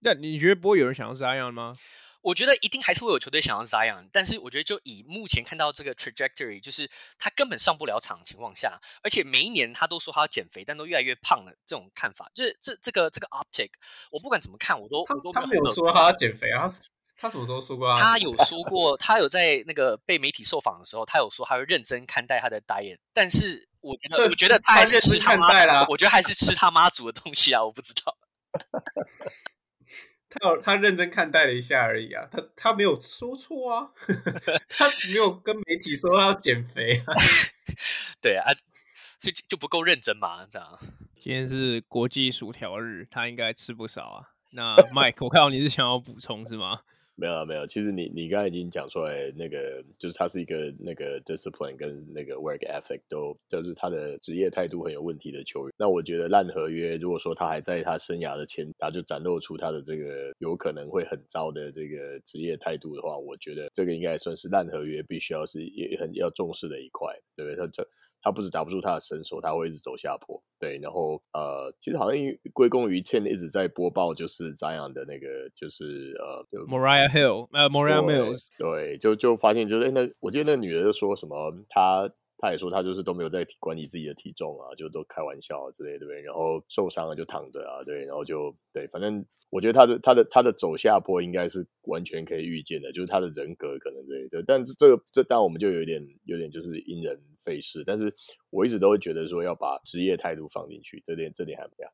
那、yeah. yeah, 你覺得不會有人想要 Zion 嗎？我覺得一定還是會有球隊想要 Zion，但是我覺得就以目前看到這個 trajectory，就是他根本上不了場的情況下，而且每一年他都說他要減肥，但都越來越胖了。這種看法，就是這這個這個 optic，我不管怎麼看，我都他他沒有說他要減肥啊。他什麼時候說過啊？他有說過，他有在那個被媒體受訪的時候，他有說他會認真看待他的 diet。但是我覺得，對我覺得他還是吃他媽煮的東西啊！我不知道。他有他認真看待了一下而已啊，他他沒有說錯啊， 他沒有跟媒體說他要減肥啊。 對啊，所以就不夠認真嘛，這樣。今天是國際薯條日，他應該吃不少啊。那 Mike，我看到你是想要補充是嗎？沒有啊，沒有，其實你你剛才已經講出來，那個就是他是一個那個 discipline 跟那個 work ethic 都就是他的職業態度很有問題的球員。那我覺得爛合約，如果說他還在他生涯的前，他就展露出他的這個有可能會很糟的這個職業態度的話，我覺得這個應該算是爛合約必須要是也很要重視的一塊，對不對？他這。他不是打不住他的身手，他會一直走下坡。對，然後呃，其實好像歸功於 t e n 一直在播報，就是 Zion 的那個，就是呃，Moriah Hill 呃對、uh,，Moriah Mills，對，就就發現就是、欸、那我記得那女的就說什麼她。他也說他就是都沒有在管理自己的體重啊，就都開玩笑之類，對不對？然後受傷了就躺着啊，對，然後就對，反正我覺得他的他的他的走下坡應該是完全可以預見的，就是他的人格可能對，對，但是這個這，但我們就有點有點就是因人廢事。但是我一直都會覺得說要把職業態度放進去，這點這點還不要。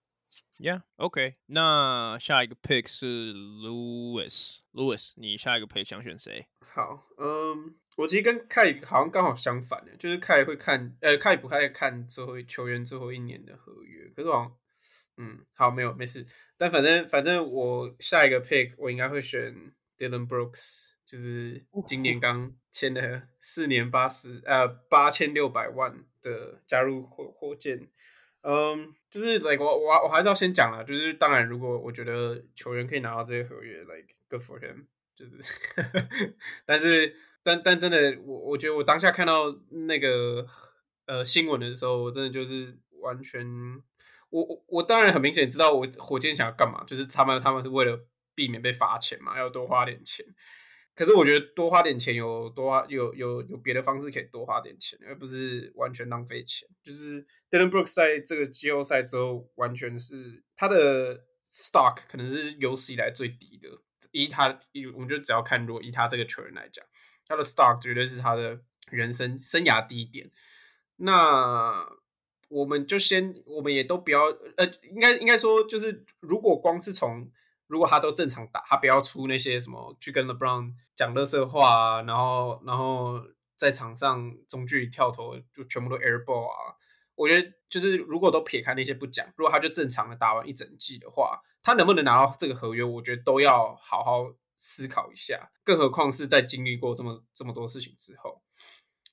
Yeah, OK。那下一個 Pick 是 Lewis，Lewis，你下一個 Pick 想選誰？好，嗯、um。我其實跟 Kai 好像剛好相反，就是凱會看，呃，凱不太看最後球員最後一年的合約。可是我好像，嗯，好，沒有，沒事。但反正，反正我下一個 pick 我應該會選 Dylan Brooks，就是今年剛簽的四年八十，呃，八千六百萬的加入火火箭。嗯，um, 就是 like 我我我還是要先講了，就是當然，如果我覺得球員可以拿到這些合約，like good for him，就是， 但是。但但真的，我我覺得我當下看到那個呃新聞的時候，我真的就是完全，我我我當然很明顯知道，我火箭想要幹嘛，就是他們他們是為了避免被罰錢嘛，要多花點錢。可是我覺得多花點錢有多花有有有，有別的方式可以多花點錢，而不是完全浪費錢。就是 Dillon Brooks 在這個季後賽之後，完全是他的 stock 可能是有史以來最低的。以他以我覺得只要看，如果以他這個球員來講。他的 stock 絕對是他的人生生涯低點。那我們就先，我們也都不要，呃，應該應該說，就是如果光是從，如果他都正常打，他不要出那些什麼去跟 LeBron 講垃圾話啊，然後然後在場上中距離跳投就全部都 air ball 啊，我覺得就是如果都撇開那些不講，如果他就正常的打完一整季的話，他能不能拿到這個合約，我覺得都要好好。思考一下，更何況是在經歷過這麼這麼多事情之後，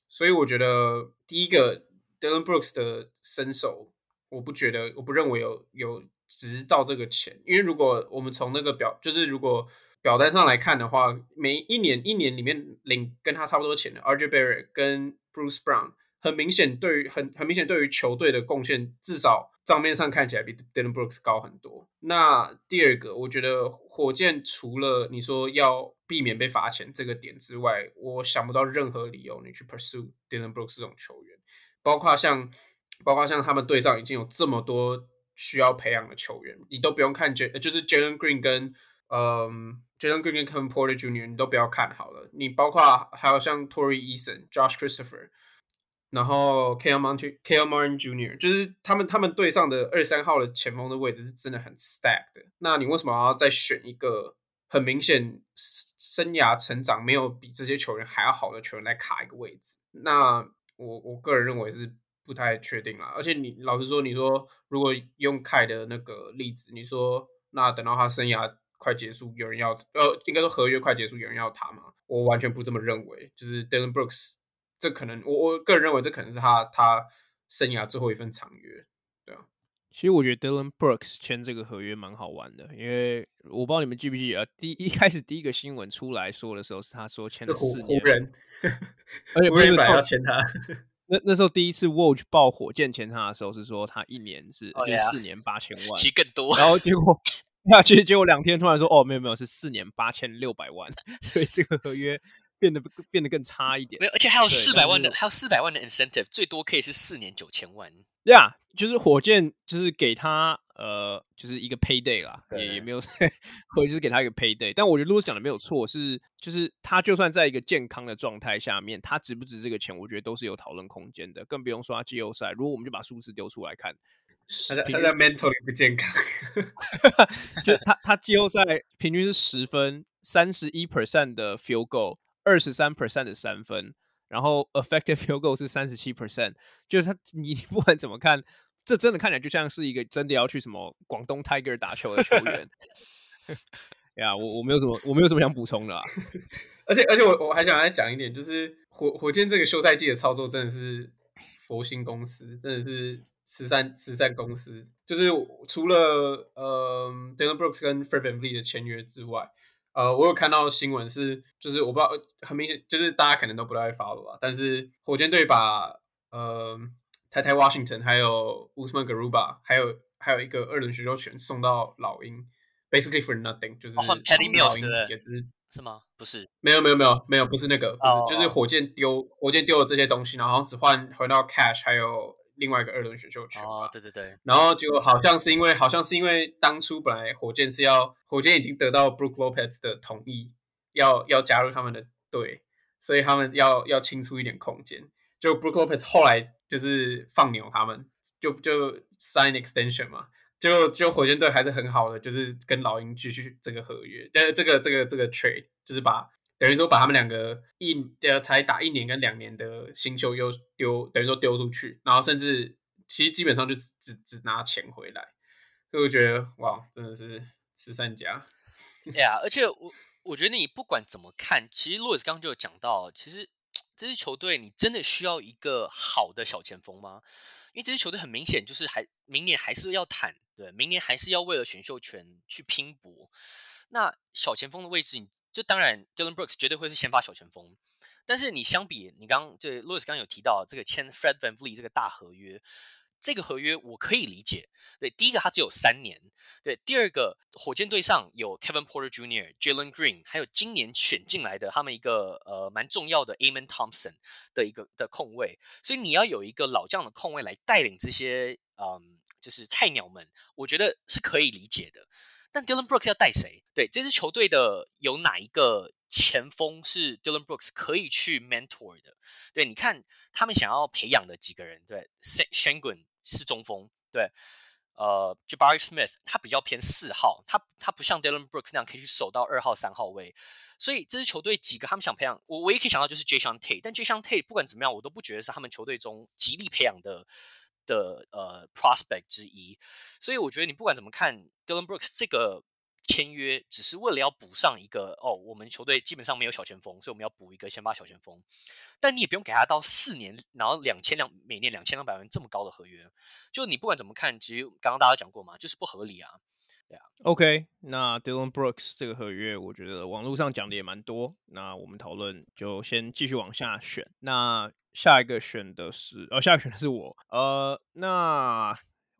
所以我覺得第一個 Dillon Brooks 的身手，我不覺得，我不認為有有值到這個錢，因為如果我們從那個表，就是如果表單上來看的話，每一年一年裡面領跟他差不多錢的 RJ Barrett 跟 Bruce Brown，很明顯對於很很明顯對於球隊的貢獻至少。賬面上看起來比 Dylan Brooks 高很多。那第二個，我覺得火箭除了你說要避免被罰錢這個點之外，我想不到任何理由你去 pursue Dylan Brooks 這種球員。包括像，包括像他們隊上已經有這麼多需要培養的球員，你都不用看，就是 Jalen Green 跟嗯、呃、Jalen Green 跟 Kevin Porter Junior，你都不要看好了。你包括還有像 Tory Eason、Josh Christopher。然後 Kenyon Martin Jr. 就是他們他們隊上的二三號的前鋒的位置是真的很 stack 的，那你為什麼要再選一個很明顯生涯成長沒有比這些球員還要好的球員來卡一個位置？那我我個人認為是不太確定啦，而且你老實說，你說如果用凱的那個例子，你說那等到他生涯快結束，有人要呃、應該說合約快結束，有人要他嗎？我完全不這麼認為。就是 Dillon Brooks。這可能，我我個人認為這可能是他他生涯最後一份長約，對啊。其實我覺得 Dillon Brooks 簽這個合約蠻好玩的，因為我不知道你們記不記得、啊、第一,一開始第一個新聞出來說的時候是他說簽了四年，而且沒有要簽他。簽他那那時候第一次 Woj 爆火箭簽他的時候是說他一年是、oh, yeah. 就四年八千萬，期更多。然後結果下 結，結果兩天突然說哦，沒有沒有是四年八千六百萬，所以這個合約。變得變得更差一點。沒有，而且還有四百萬的，對是還有四百萬的 incentive，最多可以是四年九千萬。對啊，就是火箭，就是給他呃，就是一個 payday 啦，對也也沒有，或者 就是給他一個 payday。但我覺得，如果講的沒有錯，是就是他就算在一個健康的狀態下面，他值不值這個錢，我覺得都是有討論空間的。更不用說他季後賽，如果我們就把數字丟出來看，他的他在，均在 mental 也不健康， 就他他季後賽平均是十分，三十一 percent 的 field goal，二十三 percent 的三分，然後 effective field goal 是三十七 percent，就是他，你不管怎麼看，這真的看起來就像是一個真的要去什麼廣東 Tiger 打球的球員。呀、 yeah，我我沒有什麼，我沒有什麼想補充的，啊 而。而且，而且我我還想再講一點，就是火火箭這個休賽季的操作真的是佛心公司，真的是慈善慈善公司。就是除了呃 Dillon Brooks 跟 Fred VanVleet 的簽約之外。呃，我有看到的新聞是，就是我不知道，很明顯就是大家可能都不太 follow 吧。但是火箭隊把呃，泰泰 Washington，還有烏斯曼格魯巴還有還有一個二輪選秀權送到老鷹，basically for nothing，就是，Patty Mills 送老鷹也的、就是、是嗎？不是，沒有沒有沒有沒有，不是那個，是 oh. 就是火箭丟火箭丟了這些東西，然後只換回到 cash 還有。另外一個二輪選秀權哦，對對對，然後就好像是因為，好像是因為當初本來火箭是要，火箭已經得到 Brook Lopez 的同意，要要加入他們的隊，所以他們要要清出一點空間，就 Brook Lopez 後來就是放牛他們，就就 sign extension 嘛，就就火箭隊還是很好的，就是跟老鷹繼續這個合約，但這個這個這個、這個、trade 就是把。等於說把他們兩個一呃，才打一年跟兩年的新秀又丟，等於說丟出去，然後甚至其實基本上就只只只拿錢回來，所以我覺得哇，真的是慈善家。對啊，而且我我覺得你不管怎麼看，其實洛易斯剛剛就有講到，其實這支球隊你真的需要一個好的小前鋒嗎？因為這支球隊很明顯就是還明年還是要坦，對，明年還是要為了選秀權去拼搏。那小前鋒的位置你。就當然 Dillon Brooks 絕對會是先發小前鋒。但是你相比，你剛剛對 Lewis 剛剛有提到這個簽 Fred VanVleet 這個大合約，這個合約我可以理解。對，第一個他只有三年；對，第二個火箭隊上有 Kevin Porter Jr.、Jalen Green，還有今年選進來的他們一個呃蠻重要的 Amen Thompson 的一個的控衛。所以你要有一個老將的控衛來帶領這些嗯就是菜鳥們，我覺得是可以理解的。但 Dillon Brooks 要帶誰？對，這支球隊的有哪一個前鋒是 Dillon Brooks 可以去 mentor 的？對，你看他們想要培養的幾個人？對，Sengun 是中鋒，對，呃，Jabari Smith 他比較偏四號，他他不像 Dillon Brooks 那樣可以去守到二號、三號位，所以這支球隊幾個他們想培養，我唯一可以想到就是 Jae'Sean Tate 但 Jae'Sean Tate 不管怎麼樣，我都不覺得是他們球隊中極力培養的。的呃，prospect 之一，所以我覺得你不管怎麼看，Dillon Brooks 這個簽約只是為了要補上一個哦，我們球隊基本上沒有小前鋒，所以我們要補一個先發小前鋒，但你也不用給他到四年然後兩千兩每年兩千兩百萬這麼高的合約，就你不管怎麼看，其實剛剛大家講過嘛，就是不合理啊。Yeah. OK，那 Dillon Brooks 這個合約，我覺得網絡上講的也蠻多。那我們討論就先繼續往下選。那下一個選的是，哦，下一個選的是我。呃，那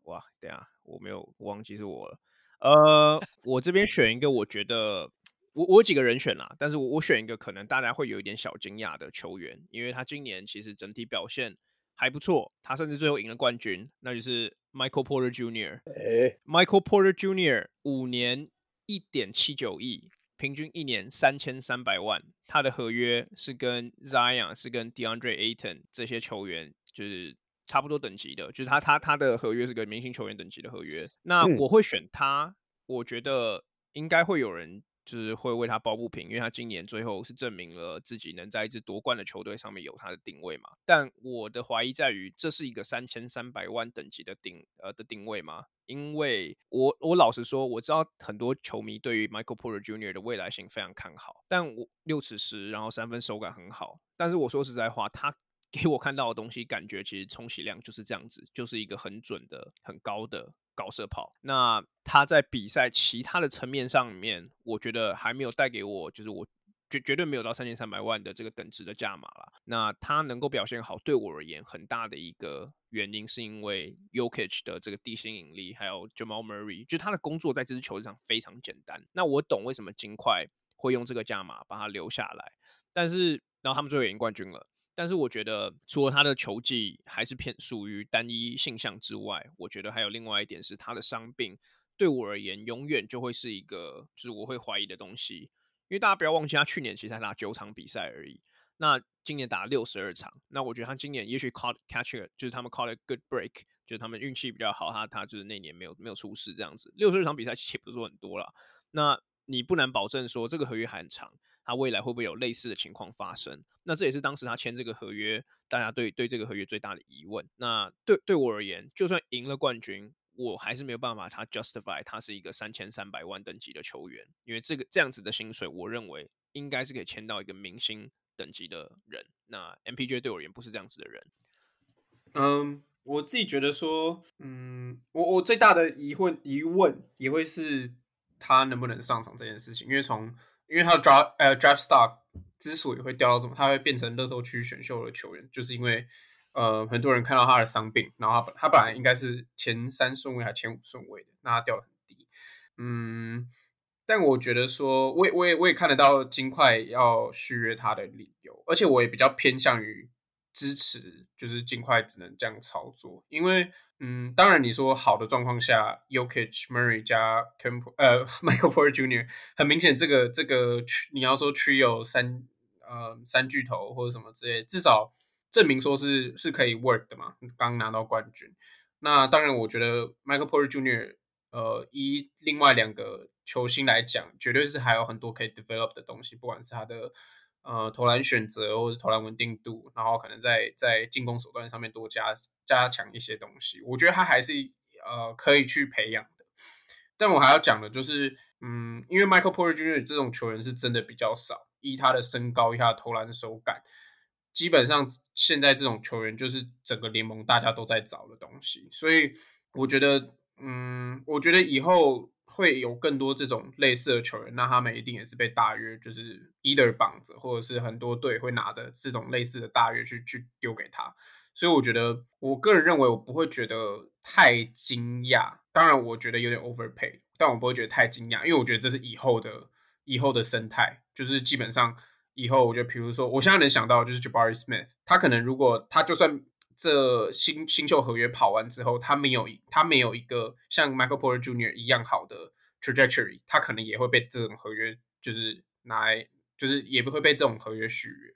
哇，等下我沒有忘記是我了。呃，我這邊選一個，我覺得我我幾個人選啦、啊，但是我我選一個，可能大家會有一點小驚訝的球員，因為他今年其實整體表現。還不錯，他甚至最後贏了冠軍，那就是 Michael Porter Jr.，欸、Michael Porter Jr. 五年一點七九億，平均一年三千三百萬。他的合約是跟 Zion，是跟 DeAndre Ayton 這些球員就是差不多等級的，就是他他他的合約是個明星球員等級的合約。那我會選他，嗯，我覺得應該會有人。就是會為他抱不平，因為他今年最後是證明了自己能在一支奪冠的球隊上面有他的定位嘛。但我的懷疑在於，這是一個三千三百萬等級的定呃的定位嘛？因為我我老實說，我知道很多球迷對於 Michael Porter Jr. 的未來性非常看好。但我六尺十，然後三分手感很好，但是我說實在話，他給我看到的東西，感覺其實充其量就是這樣子，就是一個很準的、很高的。高射炮，那他在比賽其他的層面上面，我覺得還沒有帶給我，就是我絕絕對沒有到三千三百萬的這個等值的價碼了。那他能夠表現好，對我而言很大的一個原因，是因為 Jokic 的這個地心引力，還有 Jamal Murray，就是他的工作在這支球隊上非常簡單。那我懂為什麼金塊會用這個價碼把他留下來，但是然後他們最後贏冠軍了。但是我覺得，除了他的球技還是偏屬於單一性向之外，我覺得還有另外一點是他的傷病。對我而言，永遠就會是一個，就是我會懷疑的東西。因為大家不要忘記，他去年其實才打九場比賽而已。那今年打六十二場，那我覺得他今年也許 caught catcher 就是他們 caught a good break，就是他們運氣比較好，他他就是那年沒有沒有出事這樣子。六十二場比賽其實也不是說很多了，那你不能保證說這個合約還很長，他未來會不會有類似的情況發生？那這也是當時他簽這個合約，大家對對這個合約最大的疑問。那對對我而言，就算贏了冠軍，我還是沒有辦法把他 justify 他是一個三千三百萬等級的球員，因為這個這樣子的薪水，我認為應該是可以簽到一個明星等級的人。那 MPJ 對我而言不是這樣子的人。嗯，我自己覺得說，嗯，我我最大的疑問疑問也會是他能不能上場這件事情，因為從。因為他的 draft，呃 draft stock，之所以會掉到這麼，他會變成樂透區選秀的球員，就是因為，呃，很多人看到他的傷病，然後他本他本來應該是前三順位還是前五順位的，那他掉了很低。嗯，但我覺得說，我也我也我也看得到金塊要續約他的理由，而且我也比較偏向於支持，就是金塊只能這樣操作，因為。嗯，當然，你說好的狀況下，Yokich、Murray 加 Kemp，呃，Michael Porter Jr. 很明顯，這個這個，你要說 trio 三，呃，三巨頭或者什麼之類，至少證明說是是可以 work 的嘛。剛拿到冠軍，那當然，我覺得 Michael Porter Jr.，呃，以另外兩個球星來講，絕對是還有很多可以 develop 的東西，不管是他的呃投籃選擇或者是投籃穩定度，然後可能在在進攻手段上面多加。加強一些東西，我覺得他還是呃可以去培養的。但我還要講的，就是嗯，因為 Michael Porter Junior 這種球員是真的比較少，以他的身高，以他的投籃手感，基本上現在這種球員就是整個聯盟大家都在找的東西。所以我覺得，嗯，我覺得以後會有更多這種類似的球員，那他們一定也是被大約就是 either 綁着，或者是很多隊會拿着這種類似的大約去去丟給他。所以我覺得，我個人認為，我不會覺得太驚訝。當然，我覺得有點 overpay，但我不會覺得太驚訝，因為我覺得這是以後的、以後的生態。就是基本上，以後我覺得，比如說，我現在能想到的就是 Jabari Smith，他可能如果他就算這新新秀合約跑完之後，他沒有他沒有一個像 Michael Porter Jr. 一樣好的 trajectory，他可能也會被這種合約就是拿來就是也不會被這種合約續約。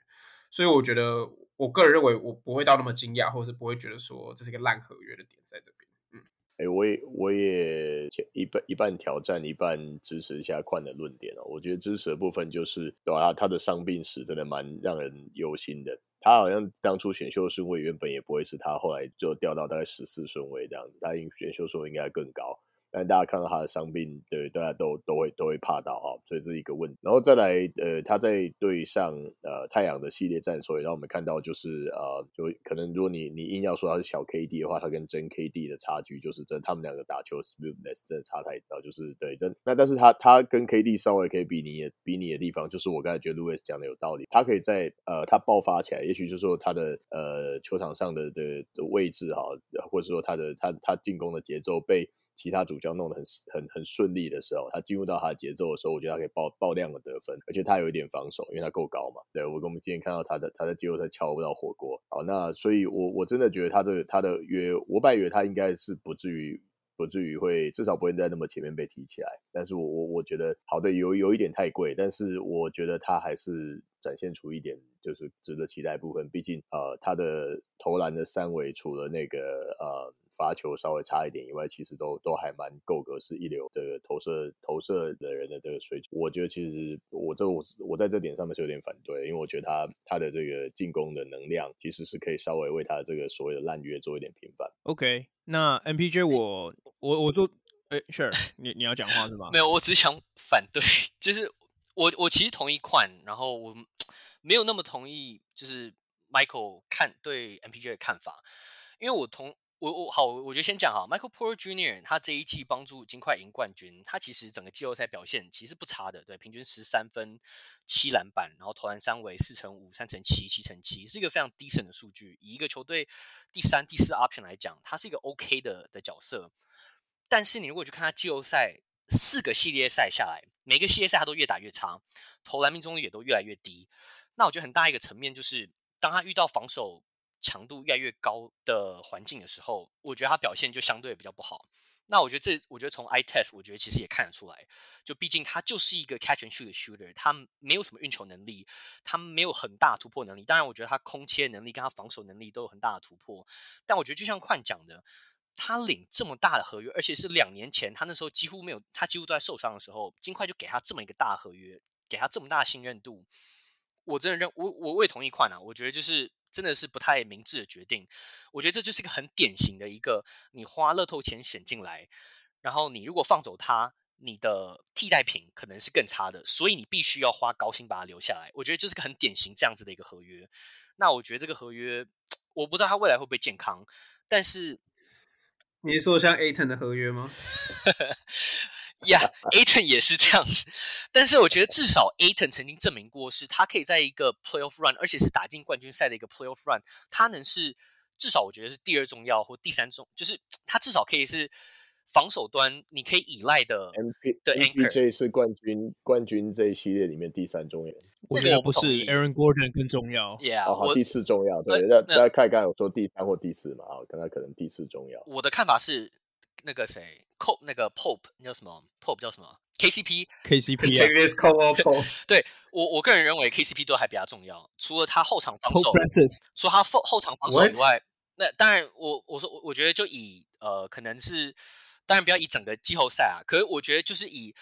所以我覺得。我個人認為，我不會到那麼驚訝，或是不會覺得說這是一個爛合約的點在這邊。嗯，欸、我也我也一半一半挑戰，一半支持一下寬的論點哦。我覺得支持的部分就是，對啊，他的傷病史真的蠻讓人憂心的。他好像當初選秀順位原本也不會是他，後來就掉到大概十四順位這樣子。他應選秀順位應該更高。但大家看到他的傷病，對，大家都都會都會怕到啊、哦，所以這是一個問題。然後再來，呃，他在對上呃太陽的系列戰，所以讓我們看到就是呃就可能如果你你硬要說他是小 KD 的話，他跟真 KD 的差距就是真，他們兩個打球 smoothness 真的差太大，就是對。但那但是他他跟 KD 稍微可以比你比你的地方，就是我剛才覺得 Louis 講的有道理，他可以在呃他爆發起來，也許就是說他的呃球場上的的、的位置哈、哦，或者說他的他他進攻的節奏被。其他主教弄得很很很順利的時候，他進入到他的節奏的時候，我覺得他可以爆爆量的得分，而且他有一點防守，因為他夠高嘛。對，我跟我們今天看到他的他的節奏，他敲不到火鍋。好，那所以我，我我真的覺得他的他的約，我感覺他應該是不至於不至於會，至少不會在那麼前面被提起來。但是我我我覺得，好的有有一點太貴，但是我覺得他還是展現出一點就是值得期待部分，畢竟呃，他的投籃的三圍除了那個呃罰球稍微差一點以外，其實都都還蠻夠格，是一流的投射投射的人的這個水準。我覺得其實我這我我在這點上面是有點反對，因為我覺得他他的這個進攻的能量其實是可以稍微為他的這個所謂的爛約做一點平反。OK，那 MPJ 我、欸、我我做，誒我，Sir、欸 sure, 你你要講話是嗎？沒有，我只是想反對，就是。我我其實同意寬，然後我沒有那麼同意，就是 Michael 看對 MPJ 的看法，因為我同我我好，我就先講哈 Michael Porter Junior 他這一季幫助金塊贏冠軍，他其實整個季後賽表現其實不差的，對，平均十三分七籃板，然後投籃三圍四成五三成七七成七，是一個非常 decent 的數據，以一個球隊第三、第四 option 來講，他是一個 OK 的的角色，但是你如果去看他季後賽。四個系列賽下來，每個系列賽他都越打越差，投籃命中率也都越來越低。那我覺得很大一個層面就是，當他遇到防守強度越來越高的環境的時候，我覺得他表現就相對比較不好。那我覺得這，我覺得從 eye test，我覺得其實也看得出來，就畢竟他就是一個 catch and shoot 的 shooter，他沒有什麼運球能力，他沒有很大突破能力。當然，我覺得他空切能力跟他防守能力都有很大的突破。但我覺得，就像寬講的。他領這麼大的合約，而且是兩年前，他那時候幾乎沒有，他幾乎都在受傷的時候，金塊就給他這麼一個大合約，給他這麼大信任度，我真的認，我我也同意，礦啊，我覺得就是真的是不太明智的決定。我覺得這就是一個很典型的一個，你花樂透錢選進來，然後你如果放走他，你的替代品可能是更差的，所以你必須要花高薪把他留下來。我覺得這是個很典型這樣子的一個合約。那我覺得這個合約，我不知道他未來會不會健康，但是。你是說像 Ayton 的合約嗎？呀 yeah, Ayton 也是這樣子， 但是我覺得至少 Ayton 曾經證明過是，他可以在一個 Playoff Run，而且是打進冠軍賽的一個 Playoff Run，他能是至少我覺得是第二重要或第三重，就是他至少可以是。防守端你可以依賴的，MP, 的 anchor 是冠軍，冠軍這一系列裡面第三重要，我覺得我不是 Aaron Gordon 更重要 yeah,、哦、好，第四重要，對，uh, 大家看一看我說第三或第四嘛，啊，剛才可能第四重要。我的看法是那個誰 Pope 那個 Pope 叫什麼 Pope 叫什麼 KCPKCPTake、yeah. Caldwell-Pope 對我我個人認為 KCP 都還比較重要，除了他後場防守，除了他後後場防守以外，那當然我我說我我覺得就以呃可能是。當然不要以整個季後賽啊，可是我覺得就是以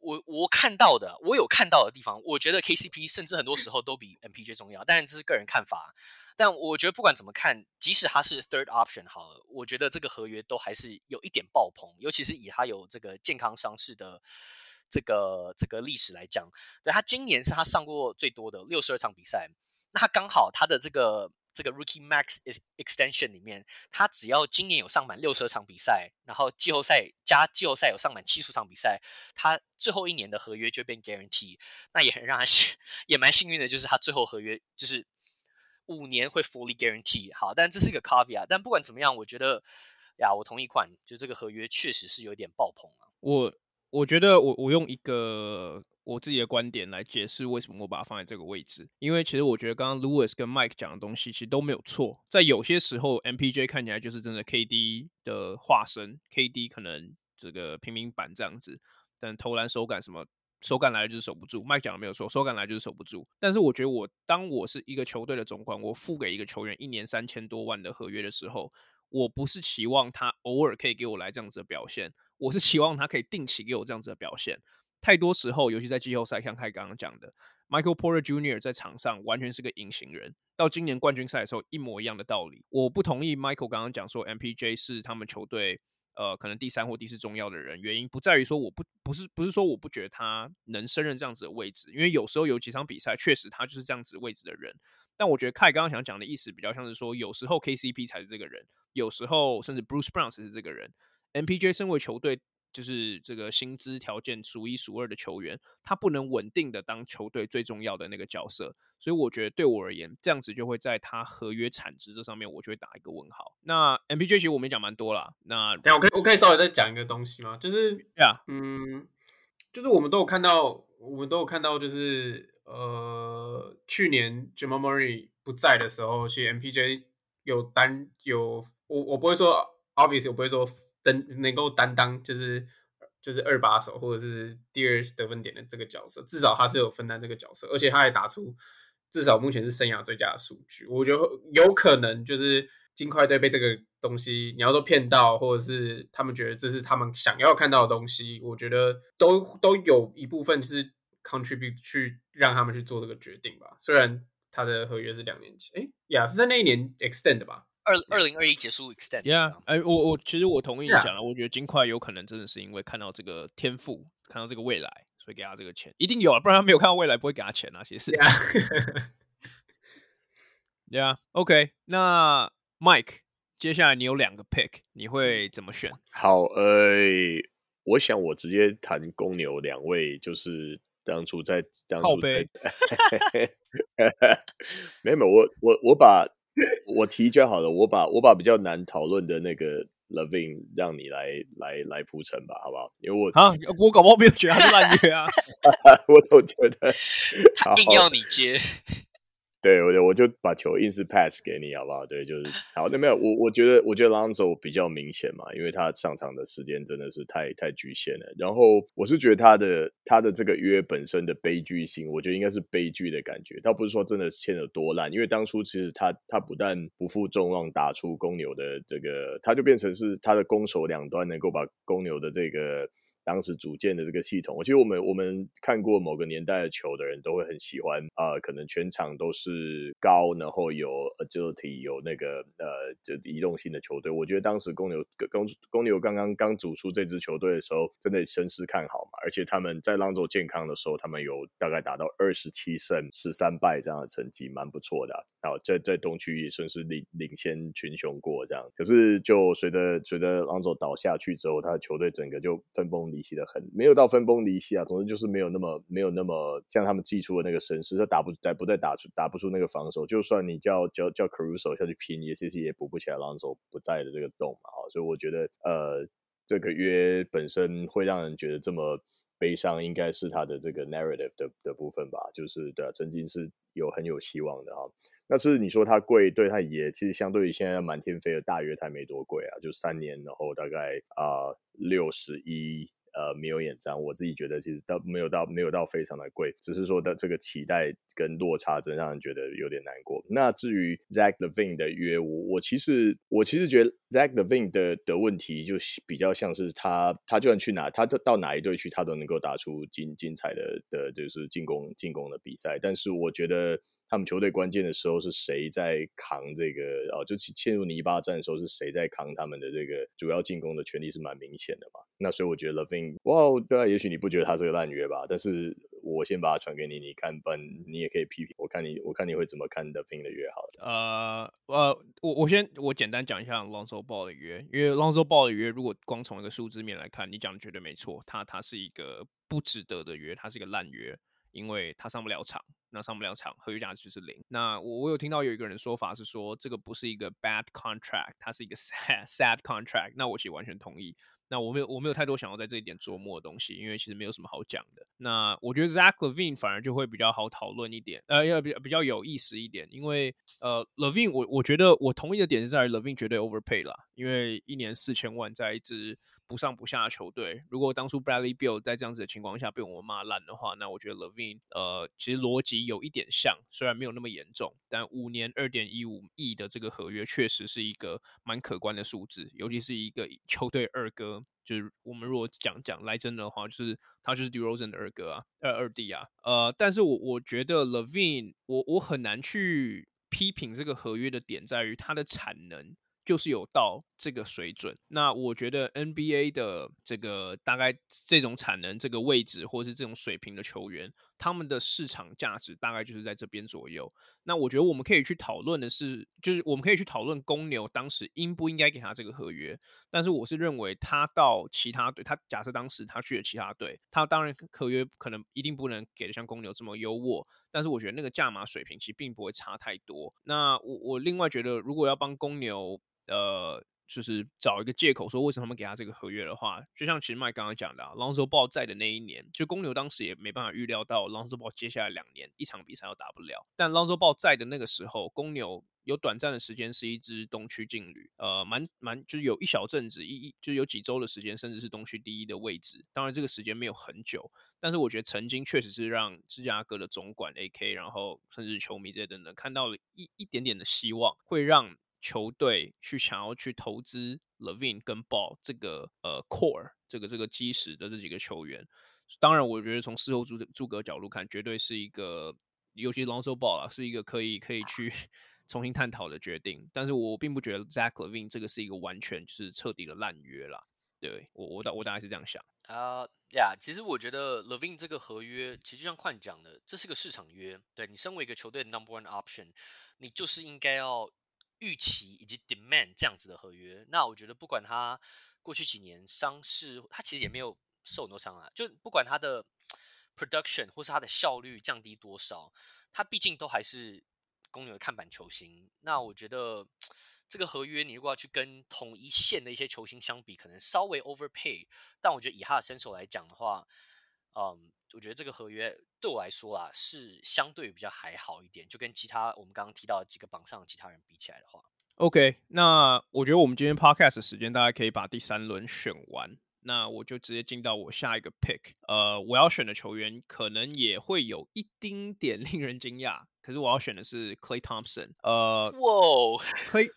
我我看到的，我有看到的地方，我覺得 KCP 甚至很多時候都比 MPJ 重要。當然這是個人看法，但我覺得不管怎麼看，即使他是 Third Option 好了，我覺得這個合約都還是有一點爆棚，尤其是以他有這個健康傷勢的這個這個歷史來講，對，他今年是他上過最多的六十二場比賽，那他剛好他的這個。這個 Rookie Max is extension 裡面，他只要今年有上滿六十場比賽，然後季後賽加季後賽有上滿七十場比賽，他最後一年的合約就變 guarantee。那也很讓他也蠻幸運的，就是他最後合約就是五年會 fully guarantee。好，但這是一個 caveat。但不管怎麼樣，我覺得呀，我同一款，就這個合約確實是有點爆棚了啊。我我覺得我我用一個。我自己的觀點來解釋為什麼我把它放在這個位置，因為其實我覺得剛剛 Lewis 跟 Mike 講的東西其實都沒有錯。在有些時候，MPJ 看起來就是真的 KD 的化身，KD 可能這個平民版這樣子，但投籃手感什麼手感來了就是守不住。Mike 講的沒有錯，手感來就是守不住。但是我覺得，我當我是一個球隊的總管，我付給一個球員一年三千多萬的合約的時候，我不是期望他偶爾可以給我來這樣子的表現，我是期望他可以定期給我這樣子的表現。太多時候，尤其在季後賽，像凱剛剛講的，Michael Porter Jr. 在場上完全是個隱形人。到今年冠軍賽的時候，一模一樣的道理。我不同意 Michael 剛剛講說 MPJ 是他們球隊呃可能第三或第四重要的人，原因不在於說我不不是不是說我不覺得他能勝任這樣子的位置，因為有時候有幾場比賽確實他就是這樣子的位置的人。但我覺得凱剛剛想講的意思比較像是說，有時候 KCP 才是這個人，有時候甚至 Bruce Brown 才是這個人。MPJ 身為球隊。就是這個薪資條件數一數二的球員，他不能穩定的當球隊最重要的那個角色，所以我覺得對我而言，這樣子就會在他合約產值這上面，我就會打一個問號。那 MPJ 其實我們也講蠻多啦，那我可以我可以稍微再講一個東西嗎？就是呀，Yeah. 嗯，就是我們都有看到，我們都有看到，就是呃，去年 Jamal Murray 不在的時候，其實 MPJ 有單，有，我，我不會說 obvious，我不會說。擔能夠擔當就是就是二把手或者是第二得分點的這個角色，至少他是有分擔這個角色，而且他還打出至少目前是生涯最佳的數據。我覺得有可能就是金塊隊被這個東西，你要說騙到，或者是他們覺得這是他們想要看到的東西，我覺得都都有一部分是 contribute 去讓他們去做這個決定吧。雖然他的合約是兩年前，哎，雅、yeah, 是在那一年 extend 吧。二二零二一結束，extend。Yeah，哎、啊，我我其實我同意你講的，Yeah. 我覺得金塊有可能真的是因為看到這個天賦，看到這個未來，所以給他這個錢，一定有啊，不然他沒有看到未來不會給他錢啊。其實是。Yeah，OK， yeah.、okay. 那 Mike，接下來你有兩個 pick，你會怎麼選？好，呃，我想我直接談公牛兩位，兩位就是當初在當初的，碑 沒沒，我我我把。 我提就好了，我把我把比較難討論的那個 LaVine 讓你來來來鋪陳吧，好不好？因為我啊，我搞不好沒有覺得他是爛約啊， 我總覺得他硬要你接。 對，我就我就把球硬是 pass 給你，好不好？對，就是。好，那沒有，我我覺得我覺得 Lonzo 比較明顯嘛，因為他上場的時間真的是太太侷限了。然後我是覺得他的他的這個約本身的悲劇性，我覺得應該是悲劇的感覺。倒不是說真的簽的多爛，因為當初其實他他不但不負眾望打出公牛的這個，他就變成是他的攻守兩端能夠把公牛的這個。當時組建的這個系統，其實我們我們看過某個年代的球的人都會很喜歡啊、呃。可能全場都是高，然後有 agility 有那個呃，就移動性的球隊。我覺得當時公牛公公牛剛剛剛組出這支球隊的時候，真的得深思看好嘛。而且他們在朗佐健康的時候，他們有大概達到二十七勝十三敗這樣的成績，蠻不錯的。然後在在東區也算是領領先群雄過這樣。可是就隨着隨着朗佐倒下去之後，他的球隊整個就分崩離離析的很，沒有到分崩離析啊，總之就是沒有那麼沒有那麼像他們寄出的那個神師，他打不再不再打出打不出那個防守，就算你叫叫叫 c r u s o 下去拼，也其實也，也補不起來狼走不在的這個洞嘛啊，所以我覺得呃這個約本身會讓人覺得這麼悲傷，應該是他的這個 narrative 的的部分吧，就是的、啊、曾經是有很有希望的哈、啊，那是你說它貴，對他也其實相對於現在滿天飛的大約它沒多貴啊，就三年然後大概啊六十一。呃呃，沒有演唱，我自己覺得其實倒沒有到沒有到非常的貴，只是說的這個期待跟落差真讓人覺得有點難過。那至於 Zach LaVine 的約，我我其實我其實覺得 Zach LaVine 的的問題就比較像是他他就算去哪，他到哪一隊去，他都能夠打出精精彩的的就是進攻進攻的比賽，但是我覺得。他們球隊關鍵的時候是誰在扛這個？哦，就是切入泥巴戰的時候是誰在扛他們的這個主要進攻的權利是蠻明顯的嘛？那所以我覺得 LaVine，哇，對、啊、也許你不覺得他是個爛約吧？但是我先把它傳給你，你看本你也可以批評我，看你，我看你會怎麼看 LaVine 的約好？好、呃，呃呃，我我先我簡單講一下 Lonzo Ball 的約，因為 Lonzo Ball 的約，如果光從一個數字面來看，你講的絕對沒錯，他他是一個不值得的約，他是一個爛約。因為他上不了場，那上不了場合約價值就是零。那我我有聽到有一個人的說法是說，這個不是一個 bad contract，它是一個 sad sad contract。那我其實完全同意。那我沒有我沒有太多想要在這一點琢磨的東西，因為其實沒有什麼好講的。那我覺得 Zach LaVine 反而就會比較好討論一點，呃，要比比較有意思一點，因為呃 LaVine 我我覺得我同意的點是在於 LaVine 絕對 overpay 啦，因為一年四千萬在一支。不上不下的球隊，如果當初 Bradley Beal 在這樣子的情況下被我們罵爛的話，那我覺得 LaVine 呃，其實邏輯有一點像，雖然沒有那麼嚴重，但五年二點一五億的這個合約確實是一個蠻可觀的數字，尤其是一個球隊二哥，就是我們如果講講來真的話，就是他就是 DeRozan 的二哥啊，二二弟啊，呃，但是我我覺得 LaVine 我我很難去批評這個合約的點在於他的產能。就是有到這個水準，那我覺得 NBA 的這個大概這種產能這個位置，或是這種水平的球員，他們的市場價值大概就是在這邊左右。那我覺得我們可以去討論的是，就是我們可以去討論公牛當時應不應該給他這個合約。但是我是認為他到其他隊，他假設當時他去了其他隊，他當然合約可能一定不能給的像公牛這麼優渥，但是我覺得那個價碼水平其實並不會差太多。那我我另外覺得，如果要幫公牛。呃，就是找一個借口說為什麼他們給他這個合約的話，就像其實麥剛剛講的，朗佐鮑在的那一年，就公牛當時也沒辦法預料到朗佐鮑接下來兩年一場比賽都打不了。但朗佐鮑在的那個時候，公牛有短暫的時間是一支東區勁旅，呃，蠻蠻，蠻就是有一小陣子，一就有幾週的時間，甚至是東區第一的位置。當然這個時間沒有很久，但是我覺得曾經確實是讓芝加哥的總管 AK，然後甚至球迷這些等等看到了一一點點的希望，會讓。球隊去想要去投資 LaVine 跟 Ball 這個呃 Core 這個這個基石的這幾個球員，當然我覺得從事後諸葛角度看，絕對是一個，尤其是 Lonzo Ball 啊，是一個可以可以去重新探討的決定。但是我並不覺得 Zach LaVine 這個是一個完全就是徹底的爛約啦。對，我我大我大概是這樣想啊呀，uh, yeah, 其實我覺得 LaVine 這個合約，其實就像寬講的，這是個市場約。對，你身為一個球隊的 Number One Option，你就是應該要。預期以及 demand 這樣子的合約，那我覺得不管他過去幾年傷勢，他其實也沒有受很多傷啊。就不管他的 production 或是他的效率降低多少，他畢竟都還是公牛的看板球星。那我覺得這個合約，你如果要去跟同一線的一些球星相比，可能稍微 overpay，但我覺得以他的身手來講的話，嗯，我覺得這個合約。對我來說啊，是相對比較還好一點，就跟其他我們剛剛提到的幾個榜上的其他人比起來的話。OK，那我覺得我們今天 Podcast 時間大概可以把第三輪選完，那我就直接進到我下一個 pick。呃，我要選的球員可能也會有一丁點令人驚訝，可是我要選的是 Clay Thompson 呃。呃，Whoa Clay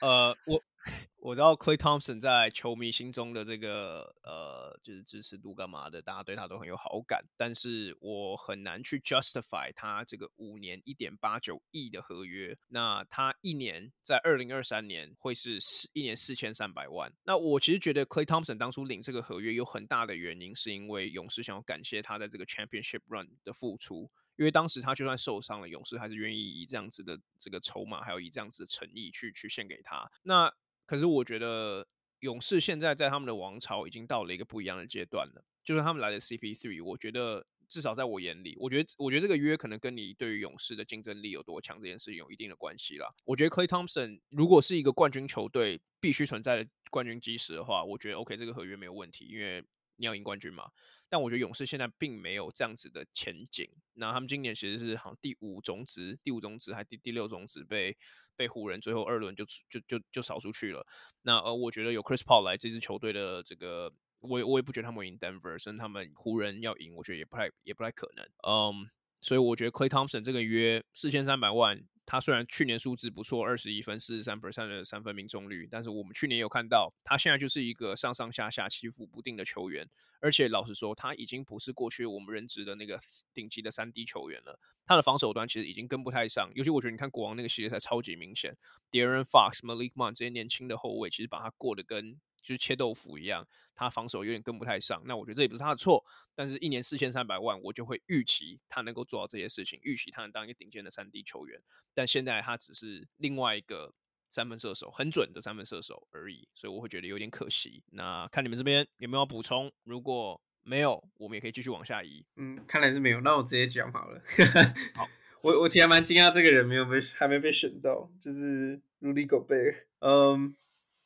呃，我。 我知道 Klay Thompson 在球迷心中的這個呃，就是支持度幹嘛的，大家對他都很有好感。但是我很難去 justify 他這個五年一點八九億的合約。那他一年在二零二三年會是四一年四千三百萬。那我其實覺得 Klay Thompson 當初領這個合約有很大的原因，是因為勇士想要感謝他在這個 Championship Run 的付出。因為當時他就算受傷了，勇士還是願意以這樣子的這個籌碼，還有以這樣子的誠意去去獻給他。那可是我覺得勇士現在在他們的王朝已經到了一個不一樣的階段了，就是他們來的 CP3。我覺得至少在我眼裡，我覺得我覺得這個約可能跟你對於勇士的競爭力有多強這件事情有一定的關係啦，我覺得 Klay Thompson 如果是一個冠軍球隊必須存在的冠軍基石的話，我覺得 OK 這個合約沒有問題，因為。你要贏冠軍嗎？但我覺得勇士現在並沒有這樣子的前景。那他們今年其實是好像第五種子，第五種子還第第六種子被被湖人最後二輪就就就就掃出去了。那呃，我覺得有 Chris Paul 來這支球隊的這個，我也我也不覺得他們會贏 Denver，甚至他們湖人要贏，我覺得也不太也不太可能。嗯、um，所以我覺得 Klay Thompson 這個約四千三百萬。他雖然去年數字不錯，二十一分，四十三%的三分命中率，但是我們去年有看到，他現在就是一個上上下下起伏不定的球員，而且老實說，他已經不是過去我們認知的那個頂級的三 D 球員了。他的防守端其實已經跟不太上，尤其我覺得你看國王那個系列賽超級明顯，De'Aaron Fox、Malik Monk 這些年輕的後衛，其實把他過得跟，就是切豆腐一樣，他防守有點跟不太上。那我覺得這也不是他的錯。但是，一年四千三百萬，我就會預期他能夠做到這些事情，預期他能當一個頂尖的三 D 球員。但現在他只是另外一個三分射手，很準的三分射手而已。所以我會覺得有點可惜。那看你們這邊有沒有要補充？如果沒有，我們也可以繼續往下移。嗯，看來是沒有。那我直接講好了。 好，我我其實還蠻驚訝，這個人沒有被還沒被選到，就是魯迪·戈貝爾。嗯。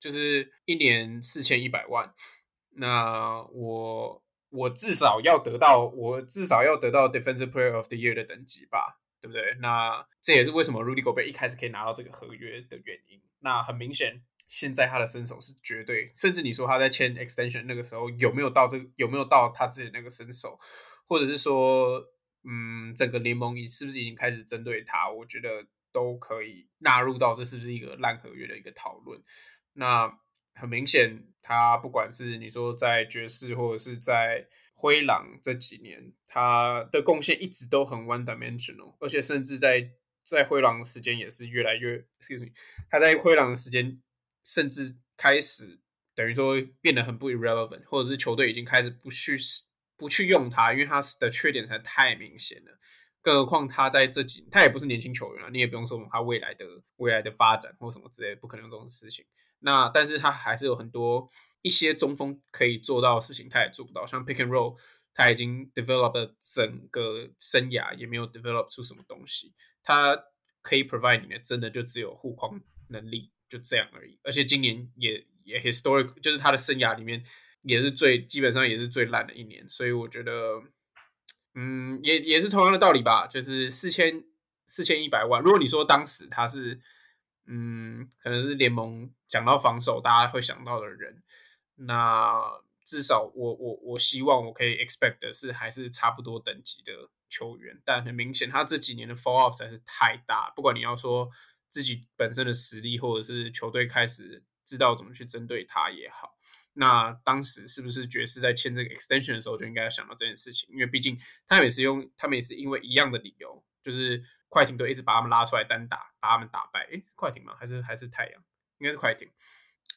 就是一年四千一百萬，那我我至少要得到，我至少要得到 Defensive Player of the Year 的等級吧，對不對？那這也是為什麼 Rudy Gobert 一開始可以拿到這個合約的原因。那很明顯，現在他的身手是絕對，甚至你說他在簽 Extension 那個時候有沒有到這個，有沒有到他自己的那個身手，或者是說，嗯，整個聯盟是不是已經開始針對他？我覺得都可以納入到這是不是一個爛合約的一個討論。那很明顯，他不管是你說在爵士或者是在灰狼這幾年，他的貢獻一直都很 one dimensional，而且甚至在在灰狼的時間也是越來越，excuse me，他在灰狼的時間甚至開始等於說變得很不 irrelevant，或者是球隊已經開始不去不去用他，因為他的缺點才太明顯了。更何況他在這幾年，他也不是年輕球員啊，你也不用說他未來的未來的發展或什麼之類，不可能這種事情。那但是他還是有很多一些中鋒可以做到的事情，他也做不到。像 Pick and Roll，他已經 develop 整個生涯也沒有 develop 出什麼東西。他可以 provide 裡面真的就只有護框能力，就這樣而已。而且今年也也 historic，就是他的生涯裡面也是最基本上也是最爛的一年。所以我覺得，嗯，也也是同樣的道理吧。就是四千四千一百萬，如果你說當時他是。嗯，可能是聯盟講到防守，大家會想到的人。那至少我我我希望我可以 expect 的是還是差不多等級的球員。但很明顯，他這幾年的 fall off 實在是太大。不管你要說自己本身的實力，或者是球隊開始知道怎麼去針對他也好。那當時是不是爵士在簽這個 extension 的時候就應該要想到這件事情？因為畢竟他們也是用，他們也是因為一樣的理由。就是快艇隊一直把他們拉出來單打，把他們打敗。誒，快艇嗎？還是還是太陽？應該是快艇。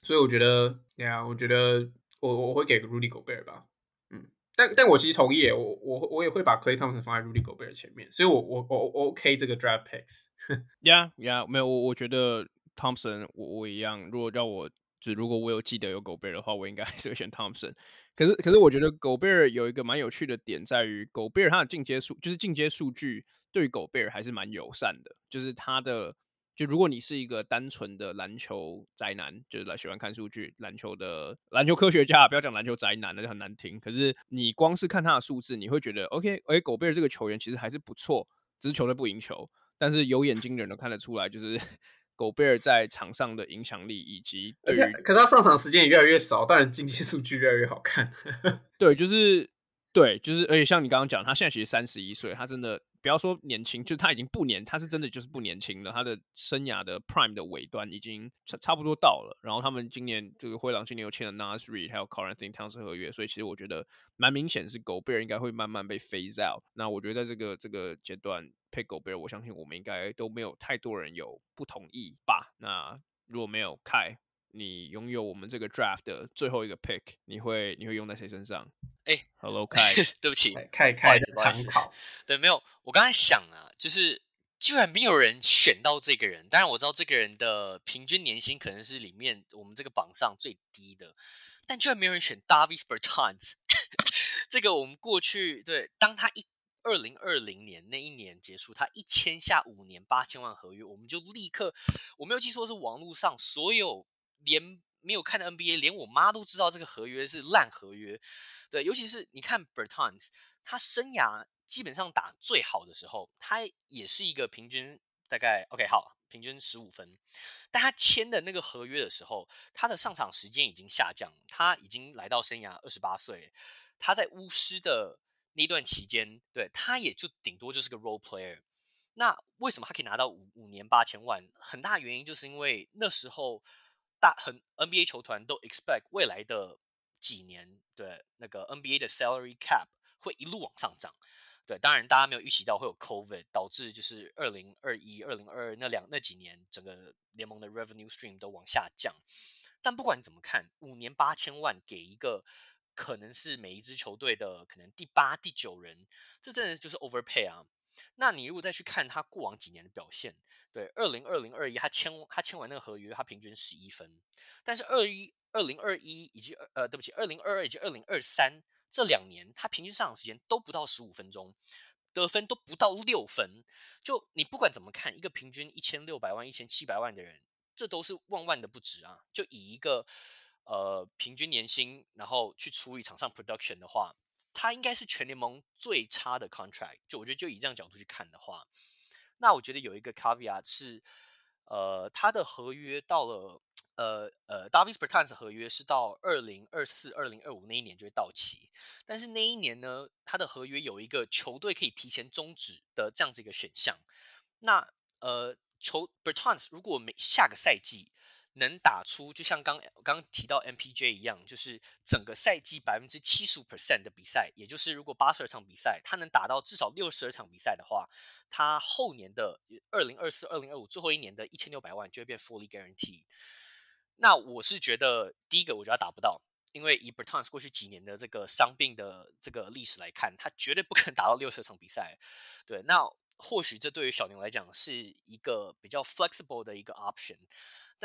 所以我覺得，呀、yeah，我覺得我我會給個 Rudy Gobert 吧。嗯，但但我其實同意，我我我也會把 Clay Thompson 放在 Rudy Gobert 前面。所以我，我我我 OK 這個 Draft Picks。Yeah，yeah， yeah, 沒有，我我覺得 Thompson 我我一樣，如果讓我。就如果我有記得有狗貝爾的話，我應該還是會選 Thompson。可是，可是我覺得狗貝爾有一個蠻有趣的點在，在於狗貝爾它的進階數，就是進階數據對於狗貝爾還是蠻友善的。就是它的，就如果你是一個單純的籃球宅男，就是來，喜歡看數據籃球的籃球科學家，不要講籃球宅男，那就很難聽。可是你光是看他的數字，你會覺得 OK，哎、欸，狗貝爾這個球員其實還是不錯，只是球隊不贏球。但是有眼睛的人都看得出來，就是。狗貝爾在場上的影響力以及，對，可是他上場時間也越來越少，當然競技數據越來越好看。 對，就是，對，就是，而且像你剛剛講，他現在其實三十一歲，他真的。不要說年輕，就他已經不年，他是真的就是不年輕了。他的生涯的 Prime 的尾端已經差差不多到了。然後他們今年這個、就是、灰狼今年又簽了 Naz Reid 還有 Karl-Anthony Towns 合約，所以其實我覺得蠻明顯是 Gobert 應該會慢慢被 phase out。那我覺得在這個這個階段配 Gobert，我相信我們應該都沒有太多人有不同意吧？那如果沒有開。你擁有我們這個 draft 的最後一個 pick，你會你會用在誰身上？哎，Hello Kai， 對不起，Kai，Kai Kai，參考好，對，沒有，我剛才想啊，就是居然沒有人選到這個人。當然我知道這個人的平均年薪可能是裡面我們這個榜上最低的，但居然沒有人選 Davis Bertans。 這個我們過去，對，當他一二零二零年那一年結束，他一簽下五年八千萬合約，我們就立刻，我沒有記錯是網絡上所有。連沒有看的 NBA，連我媽都知道這個合約是爛合約。對，尤其是你看 Bertans，他生涯基本上打最好的時候，他也是一個平均大概 OK 好，平均十五分。但他簽的那個合約的時候，他的上場時間已經下降，他已經來到生涯二十八歲，他在巫師的那段期間，對，他也就頂多就是個 role player。那為什麼他可以拿到五五年八千萬？很大原因就是因為那時候。大很 NBA 球團都 expect 未來的幾年，對那個 NBA 的 salary cap 會一路往上漲，對，當然大家沒有預期到會有 Covid 導致就是二零二一、二零二二那兩那幾年，整個聯盟的 revenue stream 都往下降。但不管怎麼看，五年八千萬給一個可能是每一支球隊的可能第八、第九人，這真的就是 overpay 啊！那你如果再去看他過往幾年的表現，對，二零二零二一他簽他簽完那個合約，他平均十一分，但是二一二零二一以及呃對不起二零二二以及二零二三這兩年，他平均上場時間都不到十五分鐘，得分都不到六分，就你不管怎麼看，一個平均一千六百萬一千七百萬的人，這都是萬萬的不值啊！就以一個呃平均年薪，然後去除以場上 production 的話。他應該是全聯盟最差的 contract，就我覺得，就以這樣角度去看的話，那我覺得有一個 caveat 是，呃，他的合約到了，呃呃 Davis Bertans 合約是到二零二四、二零二五那一年就會到期，但是那一年呢，他的合約有一個球隊可以提前終止的這樣子一個選項，那呃，球 Bertans 如果每下個賽季。能打出就像剛剛提到 MPJ 一樣，就是整個賽季百分之七十五 percent 的比賽，也就是如果八十二場比賽，他能打到至少六十二場比賽的話，他後年的二零二四、二零二五最後一年的一千六百萬就會變 fully guarantee。那我是覺得第一個我覺得他打不到，因為以 Bertans 過去幾年的這個傷病的這個歷史來看，他絕對不可能打到六十二場比賽。對，那或許這對於小牛來講是一個比較 flexible 的一個 option。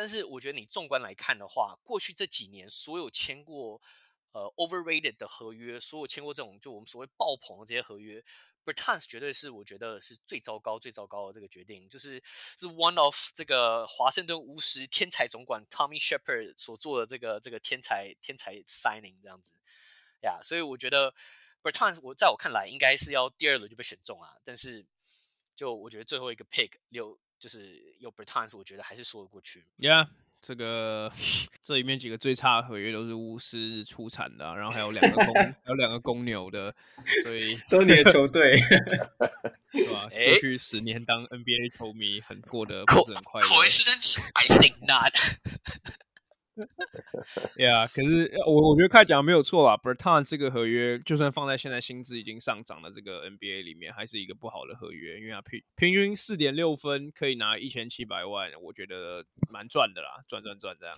但是我覺得你縱觀來看的話，過去這幾年所有簽過呃 overrated 的合約，所有簽過這種就我們所謂爆棚的這些合約，Bertans 絕對是我覺得是最糟糕、最糟糕的這個決定，就是是 one of 這個華盛頓巫師天才總管 Tommy Sheppard 所做的這個這個天才天才 signing 這樣子，呀、yeah,，所以我覺得 Bertans 我在我看來應該是要第二輪就被選中啊，但是就我覺得最後一個 pick 留。就是有 Bertans，我覺得還是說得過去。Yeah，這個這裡面幾個最差的合約都是巫師出產的、啊，然後還有兩個公， 還有兩個公牛的，所以都你的球隊是吧、 啊？過去十年當 NBA 球迷很過得不是很快樂。Co- coincidence? I think not. yeah，可是我我覺得開講沒有錯啊。Bertan 這個合約，就算放在現在薪資已經上漲的這個 NBA 裡面，還是一個不好的合約。因為他平平均四點六分可以拿一千七百萬，我覺得蠻賺的啦，賺賺賺這樣。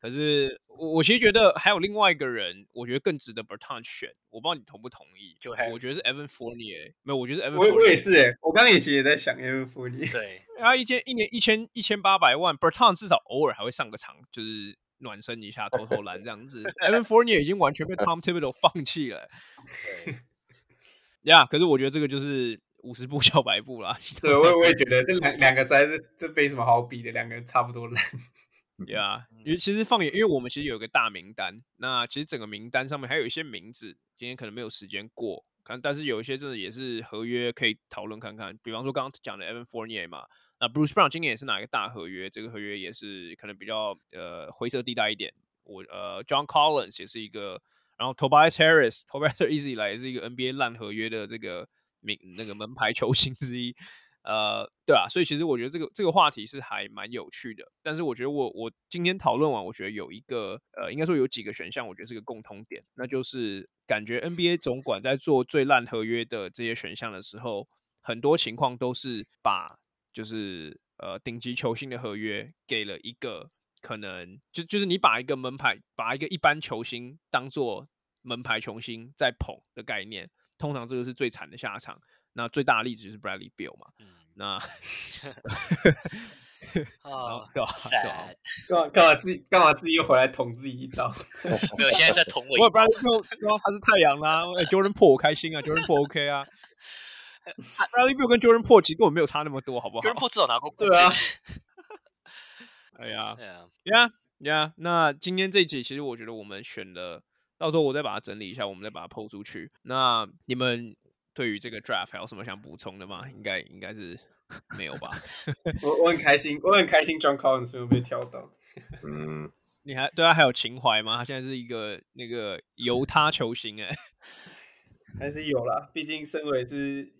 可是我我其實覺得還有另外一個人，我覺得更值得 Bertan 選。我不知道你同不同意？就對我覺得是 Evan Fournier 對。沒有，我覺得 Evan 也。Fournier，也是誒、欸，我剛剛也其實在想 Evan Fournier 對，他一千一年一千一千八百萬，Bertan 至少偶爾還會上個場，就是。暖身一下，偷偷懶這樣子。 Evan Fournier 已經完全被 Tom Thibodeau 放棄了。對，呀，可是我覺得這個就是五十步笑百步啦。對，我 我也覺得這兩兩個實在是這沒什麼好比的，兩個差不多爛。對啊，因為其實放眼，因為我們其實有一個大名單，那其實整個名單上面還有一些名字，今天可能沒有時間過，可能但是有一些真的也是合約可以討論看看。比方說剛剛講的 Evan Fournier 嘛。Bruce Brown 今年也是哪一個大合約？這個合約也是可能比較呃灰色地帶一點。我呃，John Collins 也是一個，然後 Tobias Harris，Tobias Harris 一直以來也是一個 NBA 爛合約的這個名那個門牌球星之一，呃，對啊，所以其實我覺得這個這個話題是還蠻有趣的。但是我覺得我我今天討論完，我覺得有一個呃，應該說有幾個選項，我覺得是個共通點，那就是感覺 NBA 總管在做最爛合約的這些選項的時候，很多情況都是把。就是呃，頂級球星的合約給了一個可能，就就是你把一個門牌，把一個一般球星當做門牌球星在捧的概念，通常這個是最慘的下場。那最大的例子就是 Bradley Beal 嘛，嗯、那啊，幹嘛幹嘛自己幹嘛自己又回來捅自己一刀？Oh, 沒有，現在在捅我一刀。我也不知道，又又還是太陽啦、啊。Jordan 破我開心啊 Jordan 破 OK 啊。啊、Bradley Beal 跟 Jordan Poole 根本沒有差那麼多，好不好？Jordan Poole 至少拿過冠軍，對啊。 哎呀。y Yeah. e、yeah, yeah, 那今天這一集，其實我覺得我們選的，到時候我再把它整理一下，我們再把它拋出去。那你們對於這個 Draft 還有什麼想補充的嗎？應該應該是沒有吧。 我我很開心，我很開心，John Collins 沒有被挑到。嗯，你還對他、啊、還有情懷嗎？他現在是一個那個猶他球星哎、欸。還是有啦，畢竟身為是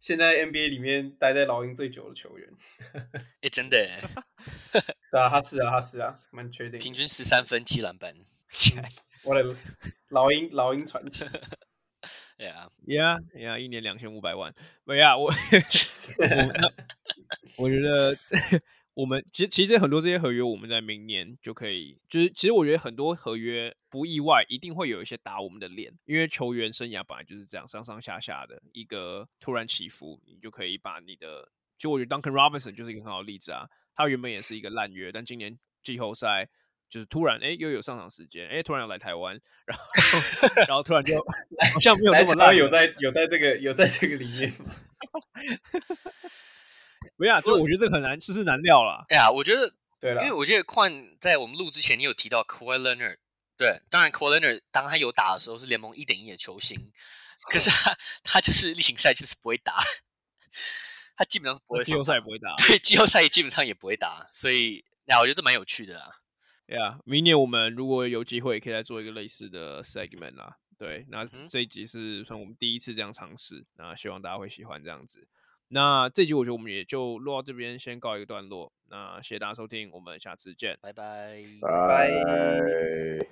現在 NBA 裡面待在老鷹最久的球員，哎、 欸，真的，是 啊，他是啊，他是啊，蠻確定，平均十三分七籃板， 我的老鷹，老鷹傳奇，呀呀呀，一年兩千五百萬，沒啊，我，我覺得。我們其實其實很多這些合約，我們在明年就可以，就是其實我覺得很多合約不意外，一定會有一些打我們的臉，因為球員生涯本來就是這樣上上下下的一個突然起伏，你就可以把你的，就我覺得 Duncan Robinson 就是一個很好的例子啊，他原本也是一個爛約，但今年季後賽就是突然哎又有上場時間，哎突然來台灣，然後然後突然就好像沒有那麼爛， 有在有在這個有在這個裡面。 不呀，這、啊、我覺得這很難，我世事難料啦。對啊，我覺得對了啦，因為我記得況在我們錄之前，你有提到 Kawhi Leonard 對，當然 Kawhi Leonard 當他有打的時候是聯盟一等一的球星，可是他、嗯、他就是例行賽就是不會打，他基本上是不會。季後賽也不會打。對，季後賽基本上也不會打，所以那我覺得這蠻有趣的啊。對啊，明年我們如果有機會，可以再做一個類似的 segment 啦、啊。對，那這一集是算我們第一次這樣嘗試，那希望大家會喜歡這樣子。那這集我覺得我們也就錄到這邊，先告一個段落。那謝謝大家收聽，我們下次見，拜拜 bye，拜拜。